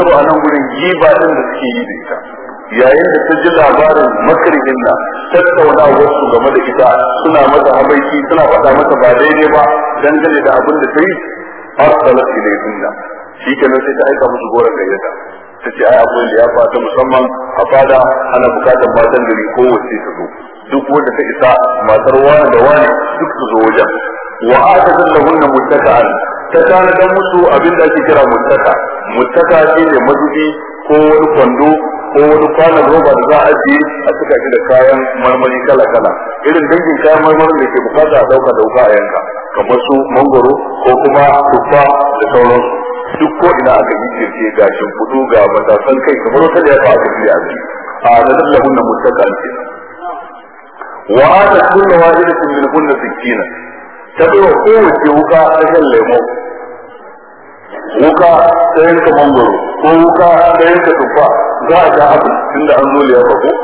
karo a nan gurin giba din da suke yi da ita yayin da ta ji labarin makarin nan tattauna wasu game da ita suna mata habaiki suna faɗa mata ba daidai ba dangane da abin da ta yi arsalat da shi nan sai ta aika musu goran gayyata ta ce ai da liyafa ta musamman a fada ana bukatar matan gari ko wace ta zo duk wanda ta isa matar wani da wani duk su zo wajen wa aka zalla hunna muttaka ta tana dan musu abin da ake kira muttaka mutaka shi ne mazubi ko wani kwando ko wani kwanan roba da za a ajiye a cika shi da kayan marmari kala kala irin dangin kayan marmari da ke bukata a dauka da wuka a yanka kamar su mangoro ko kuma tuffa da sauransu duk ko ina aka yi jirgin ga shimfudu ga matasan kai kamar wata da ya fa'a aka a ji a nan lahun na mutaka ce wa ata kullu wahidatin min hunna sikina ta ɗaya kowace wuka ta shan lemo wuka ta yanka mangoro ko wuka ta yanka tuffa za a ga abu inda an zo liya bako ko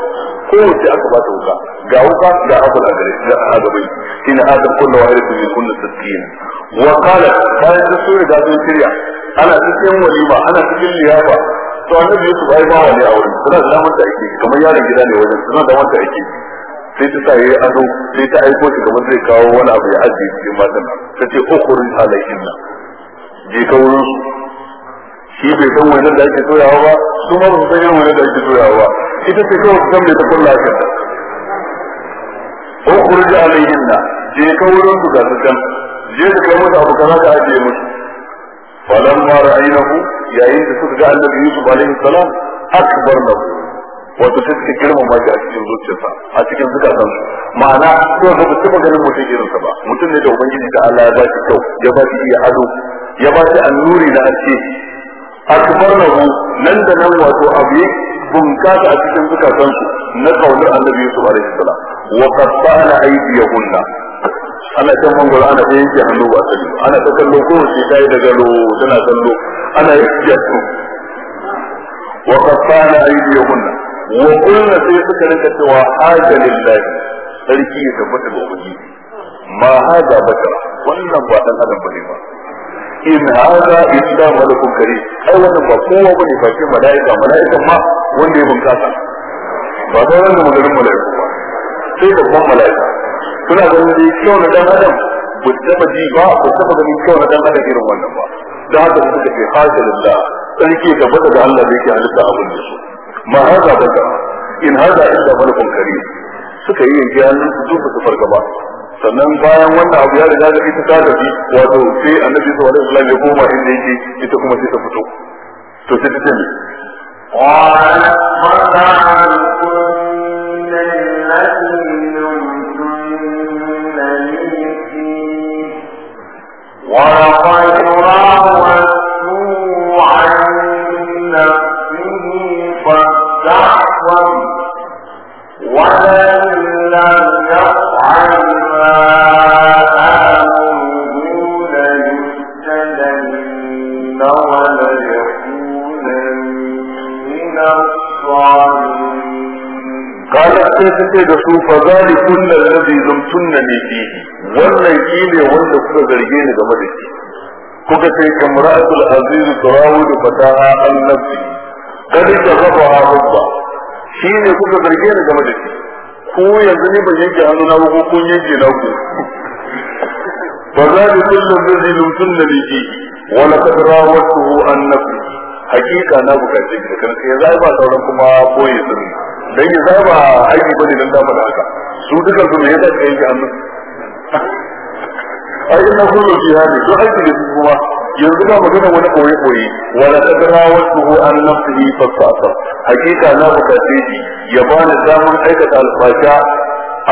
wace aka bata wuka ga wuka ga abu a gare da a shi na adam kullu wahid bi kullu sittin wa kala bayan ta so da sun shirya ana cikin walima ana cikin liyafa to annabi yusuf ai ba wani a wurin suna da damar ta ake kamar yaron gida ne wajen suna da damar ta ake sai ta sa yayi ado sai ta aiko shi kamar zai kawo wani abu ya ajiye cikin matan ta ce ukhrin alaihinna je ka wurin su shi bai san wani da ake soyawa ba su ma ba su san wani da ake soyawa ba ita ce kawai su san mai ta kulla a kanta ukhruj na, je ka wurin su ga su can je ka kai musu abu kaza ka ajiye musu falamma ra'aynahu yayin da suka ga annabi Yusuf alaihi salam akbar na wato sai suka girmama shi a cikin zuciyarsa a cikin zukatansu ma'ana ko ba su taɓa ganin mutum irinsa ba mutum ne da ubangiji da Allah ya ba shi kyau ya ba shi iya ado ya ba shi annuri da ake akbar hu nan da nan wato abu bunkasa a cikin zukatansu na kauli annabi yusuf alaihi salam wa qatta'na aydiyahunna ana kan mangoro ana ta yanke hannu ba sani ana ta kallo ko shi ta yi da galo tana kallo ana yanke su wa qatta'na aydiyahunna wa qulna sai suka rinka cewa haja lillahi sarki ya tabbata ga ubangiji ma haja bakara wannan ba dan adam bane ba in hada illa malakun kare ai wannan ba kowa bane face mala'ika mala'ikan ma wanda ya bunkasa ba sai wanda magarin mala'iku ba sai da kuma mala'ika suna ganin da kyau na dan adam ba taba ji ba ba taba ganin kyau na dan adam irin wannan ba da haka su suka ce hasa lilla sarki gaba da Allah da yake halitta abin da su ma haza da, in hada illa malakun kare suka yi yanke hannun su duka su fargaba sannan bayan wannan abu ya riga da ita ta tafi wato sai annabi sallallahu alaihi wasallam ya koma inda yake ita kuma sai ta fito to sai ta ce
kunna alladhi
zumtunna ne fi wannan kile wanda kuka zarge ni game da shi kuka sai kamratul aziz da fataha an kada ka raba hubba shi ne kuka zarge ni game da shi ko yanzu ne ban yanke hannu na ko kun yanke na ku fa zali kullu alladhi zumtunna ne fi wa laqad rawatuhu an hakika na bukaci ki da kan sai zai ba sauran kuma koyi sunna dan ya zaba aiki bane dan dama da haka su duka su ne yasa kai hannu ai ina kullu jihadi su aiki da kuma yanzu ba magana wani koyi koyi wala tadra wasu an fa fasata hakika na bukace shi ya bani damar aikata alfasha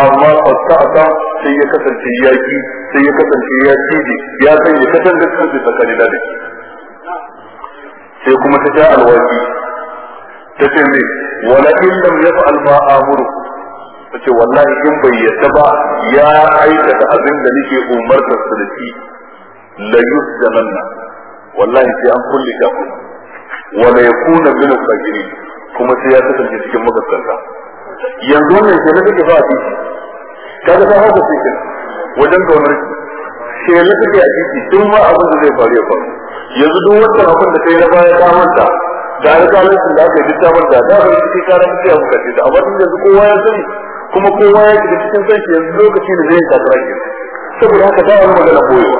amma fasata sai ya kasance yaki sai ya kasance ya cije ya san ya kasance kansa tsakanin da sai kuma ta ja alwaki ta ce ne wala in lam yaf'al ma amuru ta ce wallahi in bai yadda ba ya aikata abin da nake umartar su da shi la yusjananna wallahi sai an kulle ka wala yakuna min al-fajiri kuma sai ya kasance cikin magaskanta yanzu wannan ke na take ba a titi kaga ta haka sai wajen kaunar ke na take a titi tun ma abin da zai faru ya faru yanzu duk wannan abin da kai na baya ta manta da alƙalancin da aka yi littafin da da bai cikin karan amma yanzu kowa ya sani kuma kowa ya cikin yanzu lokaci da zai ta saboda haka ta wani magana koyewa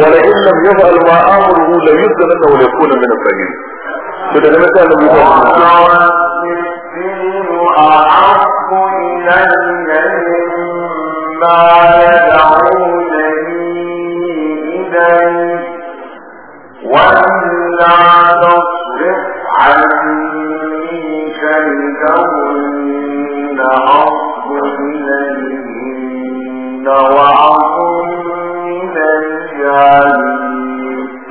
wala in lam yaf'al ma amruhu la wa la yakuna min to da nan sai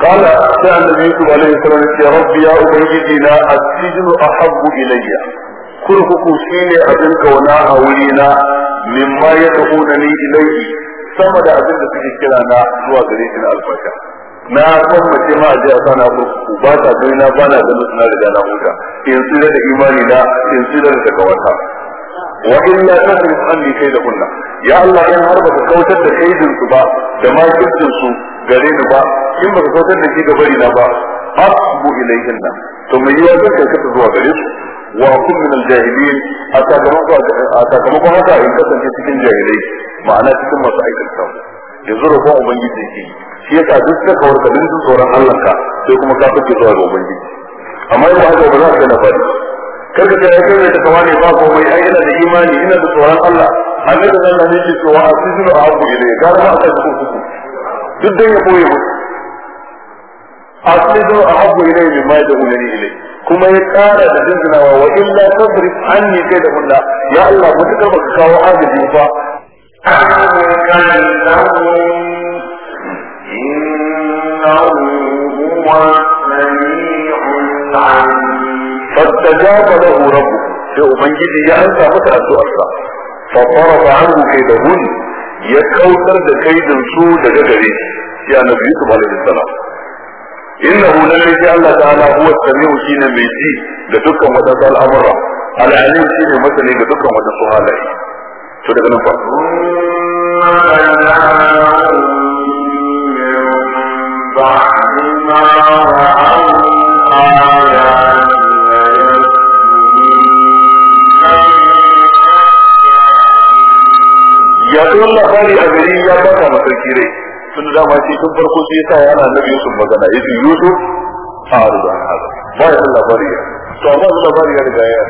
قال سأل النبي عليه الصلاة والسلام يا رب يا أبيدي لا السجن أحب
إلي كرهك شيني أبن كونا أولينا مما يدعونني إليه sama da abin da suke kira na zuwa gare shi na albarka na san mace ma je a sana ku ba ta gani ba na da in tsira da imani na in da takawata wa illa tasrif anni kaydahunna ya Allah in har baka da kaidin su ba da makircin su gare ni ba in baka kautar da shi ga bari na ba asbu ilayhinna to mai yiwa zan kai ka zuwa gare su wa kun min al-jahilin a sakamakon haka in kasance cikin jahilai ma'ana cikin masu aikata yanzu roƙon ubangiji yake yi shi yasa duk ka kawar ka dindin tsoron Allah ka sai kuma ka fice zuwa ga amma yau haka ba za ka na fadi kada ka yi kai ta kawai ba ko mai ai ina da imani ina da tsoron Allah annabi da Allah ne ke cewa a cikin abu ne ga ba ta ku duk dan ya koyi mu a cikin abu ne mai mai da ulani ilai kuma ya kara da dinzinawa wa illa sabri anni kai da kullu ya Allah mutakar baka kawo agaji ba
إنه هو السميع العليم فاستجاب له ربه في أبنجده يا أنت متى أنت فطرف عنه كيدهن
يكوثر كيد سوء جدري يا نبي يوسف عليه السلام إنه لن يجي الله تعالى هو السميع سين ميزي لتلك مدى قال أمره على عليم سين مثلي لتلك مدى صهاله شو
بعد ما رأوا wani labari a gari ya
baka masarki rai tun da dama ce tun farko sai ya sa yana nabi yusuf magana ya ce yusuf a arzu an haza ba ya san labari ya to amma da labari ya riga ya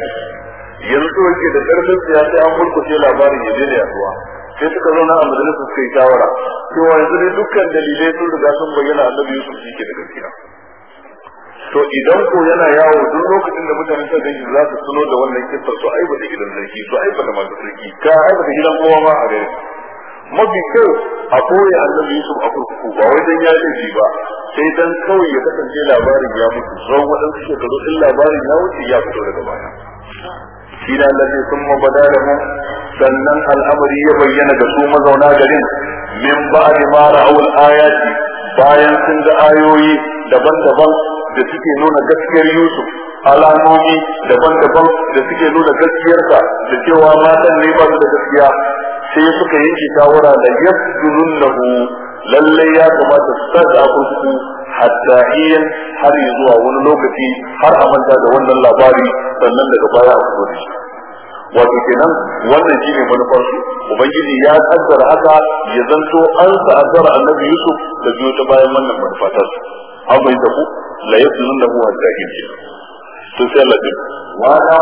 yanzu to yake da karfin siyasa an murkushe labarin ya daina yaduwa sai suka zauna a majalisa suka yi shawara cewa yanzu ne dukkan dalilai sun riga sun bayyana annabi yusuf shi ke da gaskiya to idan ko yana yawo duk lokacin da mutane ta dangi za su tuno da wannan kissa to ai ba da gidan sarki to ai ba da masu sarki ka ai ba da gidan kowa ba a gare mafi kyau a koya annabi Yusuf a kurkuku ba wai dan ya laifi ba sai dan kawai ya kasance labarin ya mutu zan waɗansu shekaru din labarin ya wuce ya fito daga baya shi da Allah sun mabada da mu sannan al'amari ya bayyana ga su mazauna garin min ba'di ma ra'awul ayati bayan sun ga ayoyi daban-daban da suke nuna gaskiyar Yusuf alamomi daban-daban da suke nuna gaskiyarsa da cewa matan ne ba da gaskiya sai suka yanke shawara da yasjudun lahu lallai ya kamata su sa da kurkuku hatta iyan har zuwa wani lokaci har a manta da wannan labari sannan daga baya a fito da shi wato kenan wannan ne manufar su ubangiji ya kaddara haka ya zanto an ta'azzara annabi yusuf da biyo ta bayan wannan manufatar an bai da ku la yasjudun lahu hatta iyan to sai Allah ya
wa la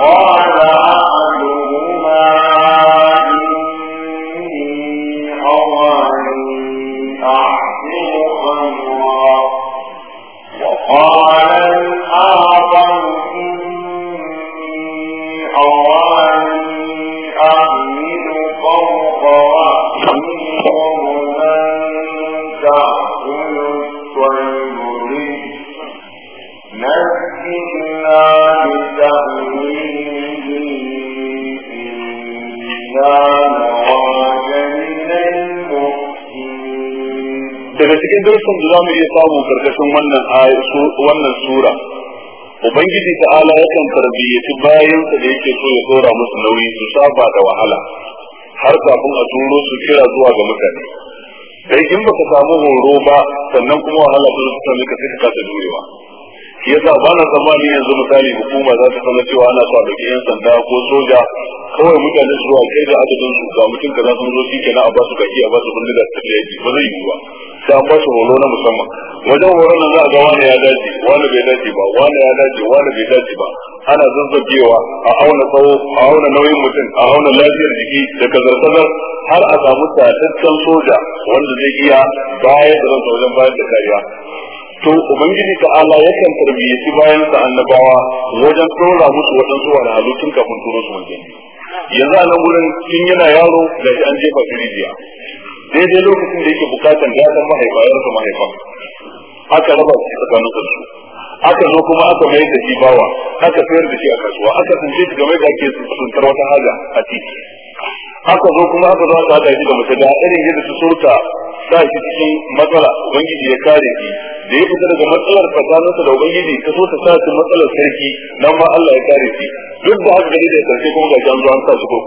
wala a'udhu
daga cikin darsin da za mu iya samu karkashin wannan wannan sura ubangiji ta ala yakan tarbiyyaci bayan sa da yake so ya dora musu nauyi su saba da wahala har kafin a turo su kira zuwa ga mutane dai in baka samu horo ba sannan kuma wahala ta zo ta ka sai ka kasa shi yasa ba na zamani yanzu misali hukuma za ta sanar cewa ana so a dauki yan sanda ko soja kawai mutane su a da adadin su ga mutum kaza sun zo shi kenan a ba su kaki a ba su bindiga ta yaji ba zai yiwu ba sai ba su horo na musamman wajen horon nan za a ga wani ya dace wani bai dace ba wani ya dace wani bai dace ba ana zazzagewa a auna tsawo a auna nauyin mutum a auna lafiyar jiki da kazar-kazar har a samu tataccen soja wanda zai iya bayar da ransa wajen bayar da kariya to ubangiji ta ala yakan tarbiyyaci bayan sa annabawa wajen tsora musu waɗansu wani halittun kafin turo su wajen. yanzu a nan wurin kin yana yaro da shi an jefa firijiya. daidai lokacin da yake bukatan gasan mahaifa ya rasa mahaifa aka raba shi tsakanin su aka zo kuma aka mai da shi bawa aka sayar da shi a kasuwa aka sanke shi game da ke sun wata haja a titi haka zo kuma haka zo aka haɗa shi da mace da irin yadda su surta sa shi cikin matsala ubangiji ya kare shi da ya fita daga matsalar tsakaninsa da ubangiji ka so ta sa shi matsalar sarki nan ma Allah ya kare shi duk da haka gari da sarki kuma ga jan zuwa sa shi ko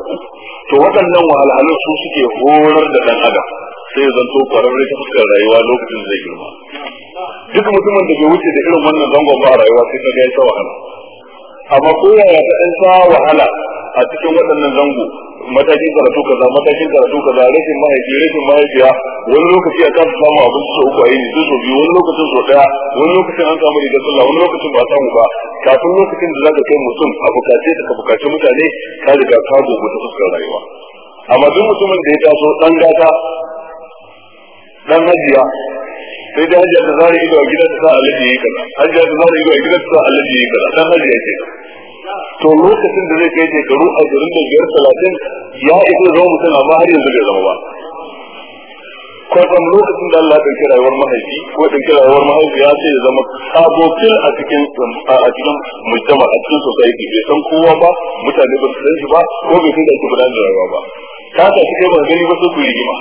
to waɗannan wahalhalun su suke horar da ɗan adam sai ya zanto kwararre ta fuskar rayuwa lokacin zai girma duk mutumin da bai wuce da irin wannan zangon ba a rayuwa sai ka ga ya wahala amma ko yaya ta ɗan sa wahala a cikin waɗannan zango matakin karatu kaza matakin karatu kaza rashin mahaifi rashin mahaifiya wani lokaci a kan samu abin su uku a yini su biyu wani lokacin so daya wani lokacin an samu rigar sallah wani lokacin ba samu ba kafin lokacin da zaka kai mutum a bukace ka bukaci mutane ka riga ka gobe ta fuskar rayuwa amma duk mutumin da ya taso dan gata dan hajiya sai da hajiya ta zara ido a gidan ta sa alaji yi kaza hajiya ta zara ido a gidan ta sa alaji yi kaza dan hajiya kenan to lokacin da zai kai shekaru jirin da biyar talatin ya iso zama mutum amma har yanzu bai zama ba kwatsam lokacin da Allah ɗauki rayuwar mahaifi ko ɗauki rayuwar mahaifi ya ce ya zama abokin a cikin a cikin mujtama a cikin society bai san kowa ba mutane ba su san shi ba ko bai san da ake gudanar da rayuwa ba ka ta shi kai ba gani ba su ku rigima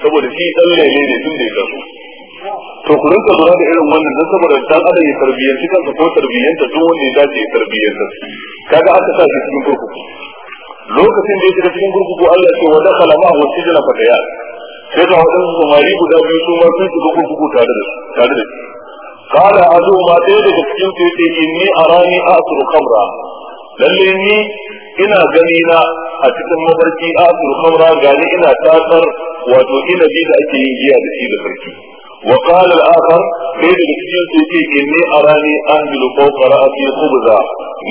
saboda shi ɗan lele ne tun da ya taso to ku rinka lura da irin wannan don saboda dan adam ya tarbiyyanci kansa ko tarbiyyanta duk wanda ya dace ya tarbiyyanta kaga aka sa shi cikin kurkuku lokacin da ya shiga cikin kurkuku Allah ya ce wa dakhala ma'ahu sijna fatayat sai ga wadansu samari guda biyu su ma sun shiga kurkuku tare da tare da kala azu ma ɗaya daga cikin su yace inni arani asru khamra lalle ni ina gani na a cikin mafarki asru khamra gani ina tasar wato inabi da ake yin giya da shi da sarki وقال الآخر ليس لكتين سيكي إني أراني أنزل فوق رأسي خبزا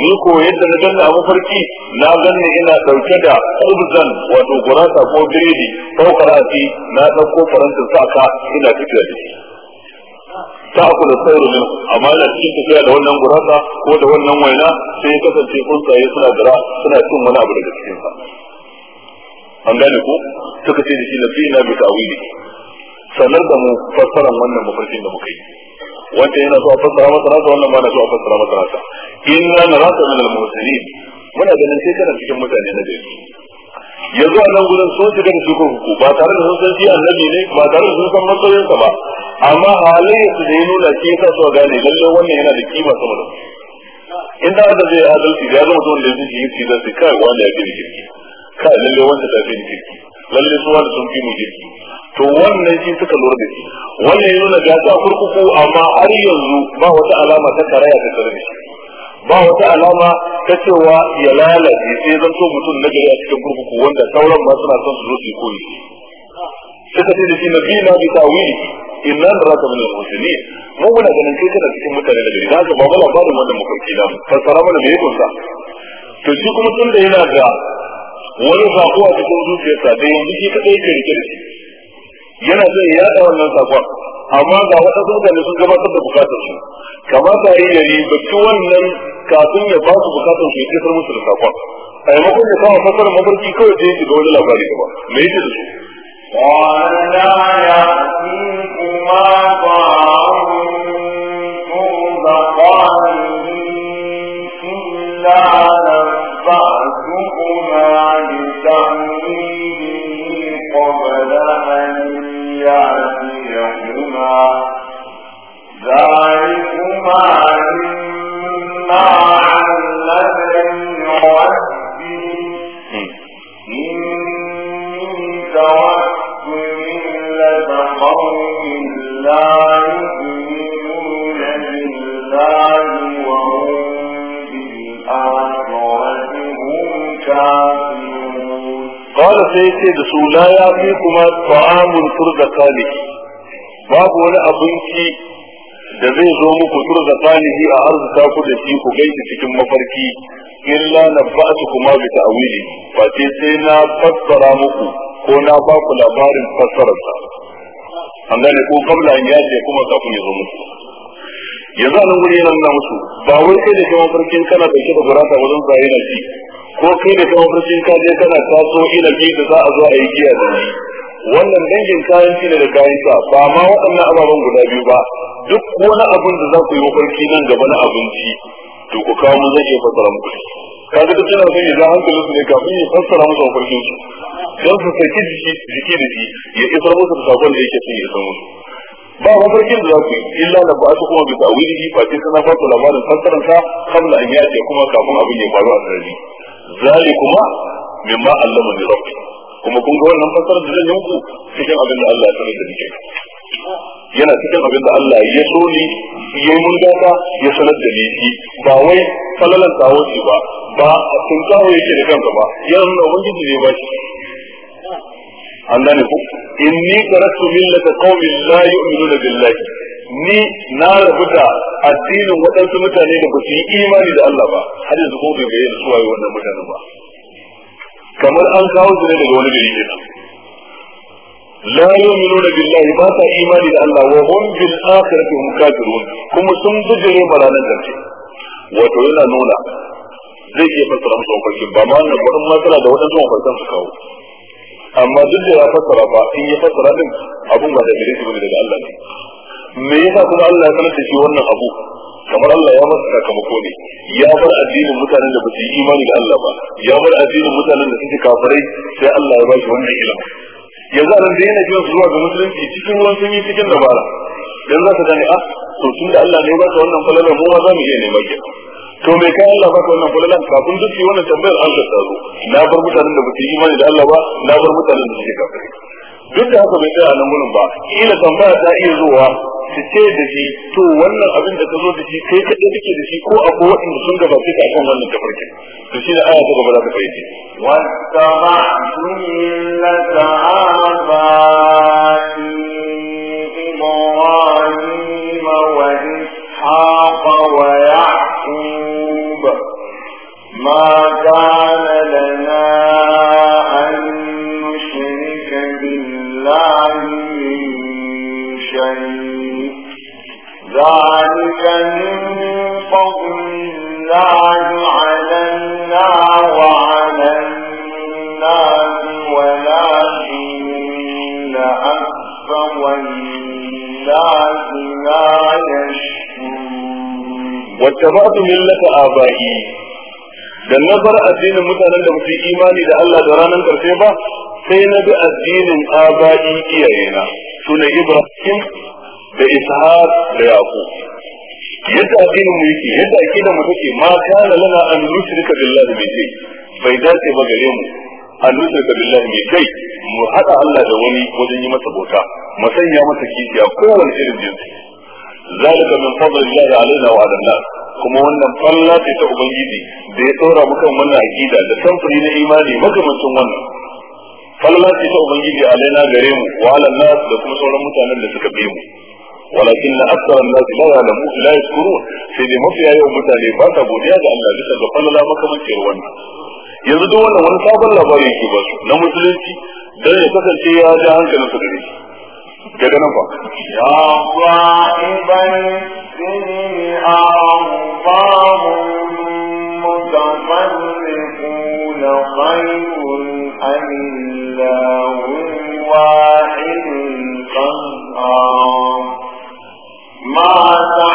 نيكو يد نجن أبو فركي نازن إنا توكدا خبزا وتوقراتا فوق بريدي فوق رأسي نازنكو فرنسا ساكا إنا تكرا تأكل الطير منه أما لا تشين تفيا ده wannan gurasa ko da wannan waina sai ya kasance tsuntsaye suna dira suna cin wani abu daga cikin sa an gane ko suka sanar da mu fassaran wannan mafarkin da muka yi wanda yana so a fassara masa nasa wannan ba na so a fassara masa nasa inna naraka min al-muslimin muna ganin sai kana cikin mutane na gari yanzu a nan gurin sun shiga da shukar huku ba tare da sun san shi annabi ne ba tare da sun san matsayinsa ba amma halayyar su da ya nuna shi yasa su gane lallai wannan yana da kima sama da in da da zai adalci ya zama zuwan da zai yi shi da su kai wanda ya fi kirki kai lallai wanda ta fi kirki lallai su wanda sun fi mu kirki to wannan shi suka lura da shi wannan ya nuna gasa kurkuku amma har yanzu ba wata alama ta karaya ta tare shi ba wata alama ta cewa ya lalace sai zan so mutum na gari a cikin kurkuku wanda sauran ma suna son su zo su koyi suka ce da shi na biyu na bi tawili inna da zaka min al-muslimin mu muna ganin kai kana cikin mutane da gari zaka ba bala barin wanda muka kida mu fassara mana me yake sa to shi kuma tun da yana da wani zakuwa cikin zuciyarsa da yanzu shi kadai yake rike da shi yana zai ya da wannan sakon amma ga waɗansu mutane sun gabatar da bukatar su kamata ta yi yari bacci wannan kafin ya ba su bukatar su ya musu da sakon a maimakon ya kawo fasar mafarki kawai da ya shiga wani labari ba mai yi da su
kuma ba
sai ce da su la ya fi kuma ta'amun turda salihi babu wani abinci da zai zo muku turga salihi a arzuta ku da shi ku gaishe cikin mafarki illa na ba su kuma bi ta'awili ba ce sai na fassara muku ko na ba ku labarin fassararsa an gane ko kabla an yaje kuma kafin ya zo muku yanzu a nan wuri yana nuna musu ba wai sai da shi mafarkin kana shi da burata wajen zai na ci ko kai da kuma farcin ka je kana taso inabi da za a zo a yi giya da shi wannan dangin kayan ki da kayan sa ba ma waɗannan ababen guda biyu ba duk wani abin da za ku yi mafarki nan gaba na abinci to ku kawo mu zai iya fassara muku ga duk yana son ya hankali su ne kafin ya fassara musu mafarkin su
don su saki jiki da shi
ya isar musu da sakon da yake son ya san musu ba mafarkin da za ku yi illa da ba su kuma bisa wuri ba ce suna ba ku labarin fassaransa kamar an yace kuma kafin abin ya faru a sarari zalikuma mimma allamani rabbi kuma kun ga wannan fasarar da zan yi muku cikin abin da Allah ya sanar da ni yana cikin abin da Allah ya so ni ya yi mun gata ya sanar da ni ba wai falalan tawo ce ba ba a cikin tawo yake da kanka ba yana nuna ubangiji ne ba shi an gane ku inni karatu millata qaumin la yu'minuna billahi ni na rabu da addinin waɗansu mutane da ba su yi imani da Allah ba har yanzu ko bai bayyana su waye wannan mutane ba kamar an kawo su ne daga wani gari kenan la yu'minuna billahi ba sa imani da Allah wa hum bil akhirati hum kafirun kuma sun bijire baranan karshe wato yana nuna zai iya fassara musu mafarkin ba ma wannan gudun matsala da waɗansu mafarkan su kawo amma duk da ya fassara ba in ya fassara din abun ba da gare shi bane daga Allah ne me yasa kuma Allah ya sanar da shi wannan abu kamar Allah ya masa sakamako ne ya bar addinin mutanen da ba su yi imani da Allah ba ya bar addinin mutanen da suke kafirai sai Allah ya ba shi wannan ilimi yanzu a nan da yana jiran zuwa ga musulunci cikin ruwan sanyi cikin dabara dan za ka gane a ah, to tun da Allah ne ya ba ka wannan falalar mu ma za mu iya neman ki to me kai Allah ba ka wannan falalar kafin duk wannan tambayar an ta zo na bar mutanen da ba su yi imani da Allah ba na bar mutanen da suke kafirai duk da haka bai tsaya nan gurin ba kila tambaya ta iya zuwa su ce da shi to wannan abin da ka zo da shi kai da kake da shi ko akwai waɗanda sun gabace ka akan wannan tafarkin to shi da aya ta gaba za ta fahimci
واتبعت ملة آبائي إبراهيم وإسحاق ويعقوب ما كان لنا ذلك من فضل الله علينا وعلى الناس ولكن أكثر الناس لا يشكرون واتبعت ملة آبائي da nazar
addinin mutanen da musu imani da Allah da ranar karshe ba sai na bi addinin aba'i iyayena su ne Ibrahim da ishaq da yaqub yadda addinin mu yake yadda akidar mu take ma kana lana an nusrika billahi bi kai bai dace ba gare mu an nusrika billahi bi kai mu hada Allah da wani wajen yi masa bauta mu sanya masa kishiya kowane irin jinsi zalika min fadlillahi alaina wa ala nas kuma wannan falla ce ta ubangiji da ya tsora mu kan wannan akida da samfuri na imani makamancin wannan falla ce ta ubangiji alaina gare mu wa ala nas da kuma sauran mutanen da suka bi mu ولكن اكثر الناس لا يعلمون لا يذكرون في دي يوم يوم متالي ابو بوديا ان لا بيسا بقال لا مكا من كيروان يزدو وانا وانا صاب الله باري كي باسو نمسلتي دل يتسل كي يا جهان كنا سكري كي كنا
يا صاحبا سنين أعظام متفرقون خير أم الله واحد قهار ما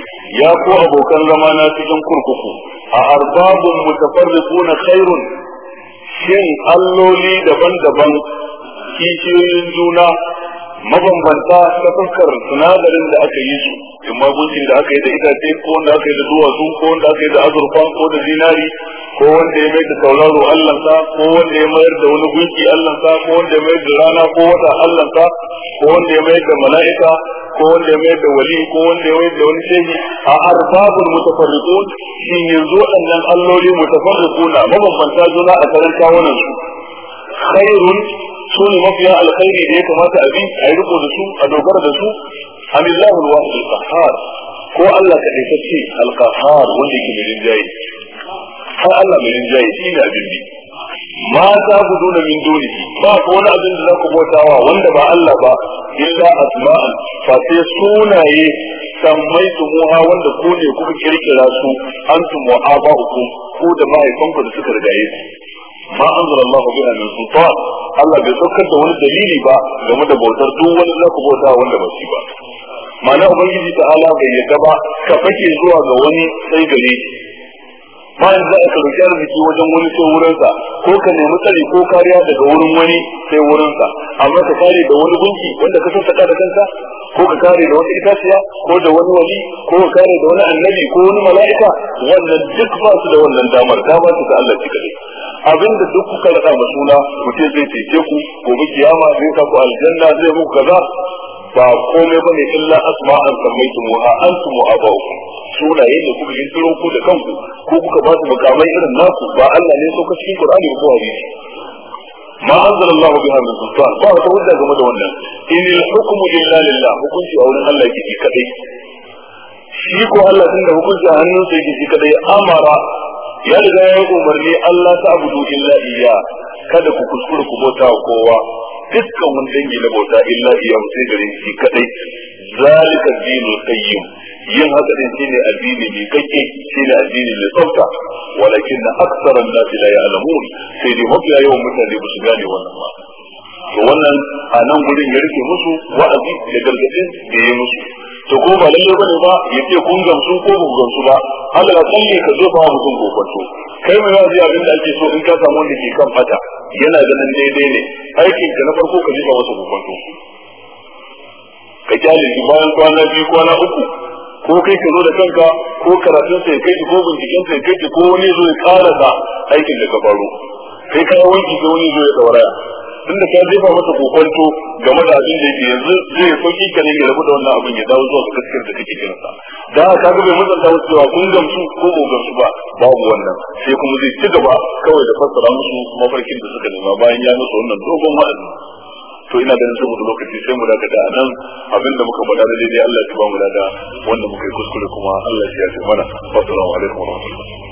ya ko abokan zama na cikin kurkuku a
arbabun mutafarriquna khairun shin alloli daban-daban kishiyoyin juna mabambanta ta fuskar sinadarin da aka yi su in maguncin da aka yi da itace ko wanda aka yi da duwatsu ko wanda aka yi da azurfan, ko da zinari ko wanda ya mai da tauraro allansa ko wanda ya mayar da wani gunki allansa ko wanda ya mayar da rana ko wata allansa ko wanda ya mayar da mala'ika ko wanda ya mayar da wali ko wanda ya mayar da wani shehi a arbabun mutafarriqun shi yanzu waɗannan alloli mutafarriquna mabambanta juna a karan kawunan su khairun su ne mafiya alkhairi da ya kamata a bi a yi riko da su a dogara da su amillahu alwahid alqahar ko Allah ka dai kace alqahar wanda yake da rinjaye har Allah mai rinjaye shi ne abin bi ma ta gudu na min dole ba ko wani abin da za ku bautawa wanda ba Allah ba illa asma'an fa sai sunaye sammai tumuha wanda ko ne kuka kirkira su an tumu aba hukum ko da mahaifanku da suka rigaye su ma anzalallahu biha min sultan Allah bai saukar da wani dalili ba game da bautar duk wani za ku bauta wanda ba shi ba ma'ana ubangiji ala bai yadda ba ka fake zuwa ga wani sai gare yanzu za a ka roƙi arziki wajen wani sai wurinsa ko ka nemi tsari ko kariya daga wurin wani sai wurinsa amma ka kare da wani gunki wanda ka sassaka da kanka ko ka kare da wani itaciya ko da wani wali ko ka kare da wani annabi ko wani mala'ika wannan duk ba su da wannan damar dama su da Allah kika abinda duk kuka rada ma suna mutum zai cece ku gobe kiyama zai sa ku aljanna zai muku kaza ba komai ne illa asma'an a wa antum mu abaukum sunaye ne kuka yi tsiro ku da kanku ko kuka ba su makamai irin naku ba Allah ne so ka cikin Qur'ani ko hadisi ma anzalallahu biha min sultan ba wata hujja game da wannan in al-hukmu illa hukunci a wurin Allah yake kadai shi ko Allah din da hukunci a hannun sa yake kadai amara ya riga ya umarni Allah ta abudu illa iya kada ku kuskura ku bauta kowa dukkan wani dangi na bauta illa iya mutai gare shi kadai zalika dinul qayyim yin haka din shine addini mai kake shine addini mai tsafta walakin aktsaran nas la ya'lamun sai dai mafiya yawan mutane ba su gane wannan ba to wannan a nan gurin ya rike musu wa'azi da gargadin da ya musu to ko ba lalle bane ba ya ce kun gamsu ko ba gamsu ba Allah ya kalle ka zo fa mutum gobanto kai mai wa'azi abin da ake so in ka samu wanda ke kan fata yana ganin daidai ne aikin ka na farko ka ji ba wasu gobanto ka kyale shi bayan kwana biyu kwana uku ko kai ka zo da kanka ko karatun sai kai ko binciken sai kai ko wani zo ya da aikin da ka faru. kai ka wanki ko wani zo ya dauraya tunda ka jefa masa kokonto game da abin da yake yanzu zai sauki ka ne ya rabu da wannan abin ya dawo zuwa ga gaskiyar da kake kiransa da aka ga bai mutunta wasu cewa kun gamsu ko ba gamsu ba babu wannan sai kuma zai ci gaba kawai da fassara musu mafarkin da suka nema bayan ya musu wannan dogon haɗin to ina ganin saboda lokaci sai mu dakata a nan abinda muka faɗa da daidai Allah ya ba mu dada wanda muka yi kuskure kuma Allah ya yafe mana assalamu alaikum wa rahmatullahi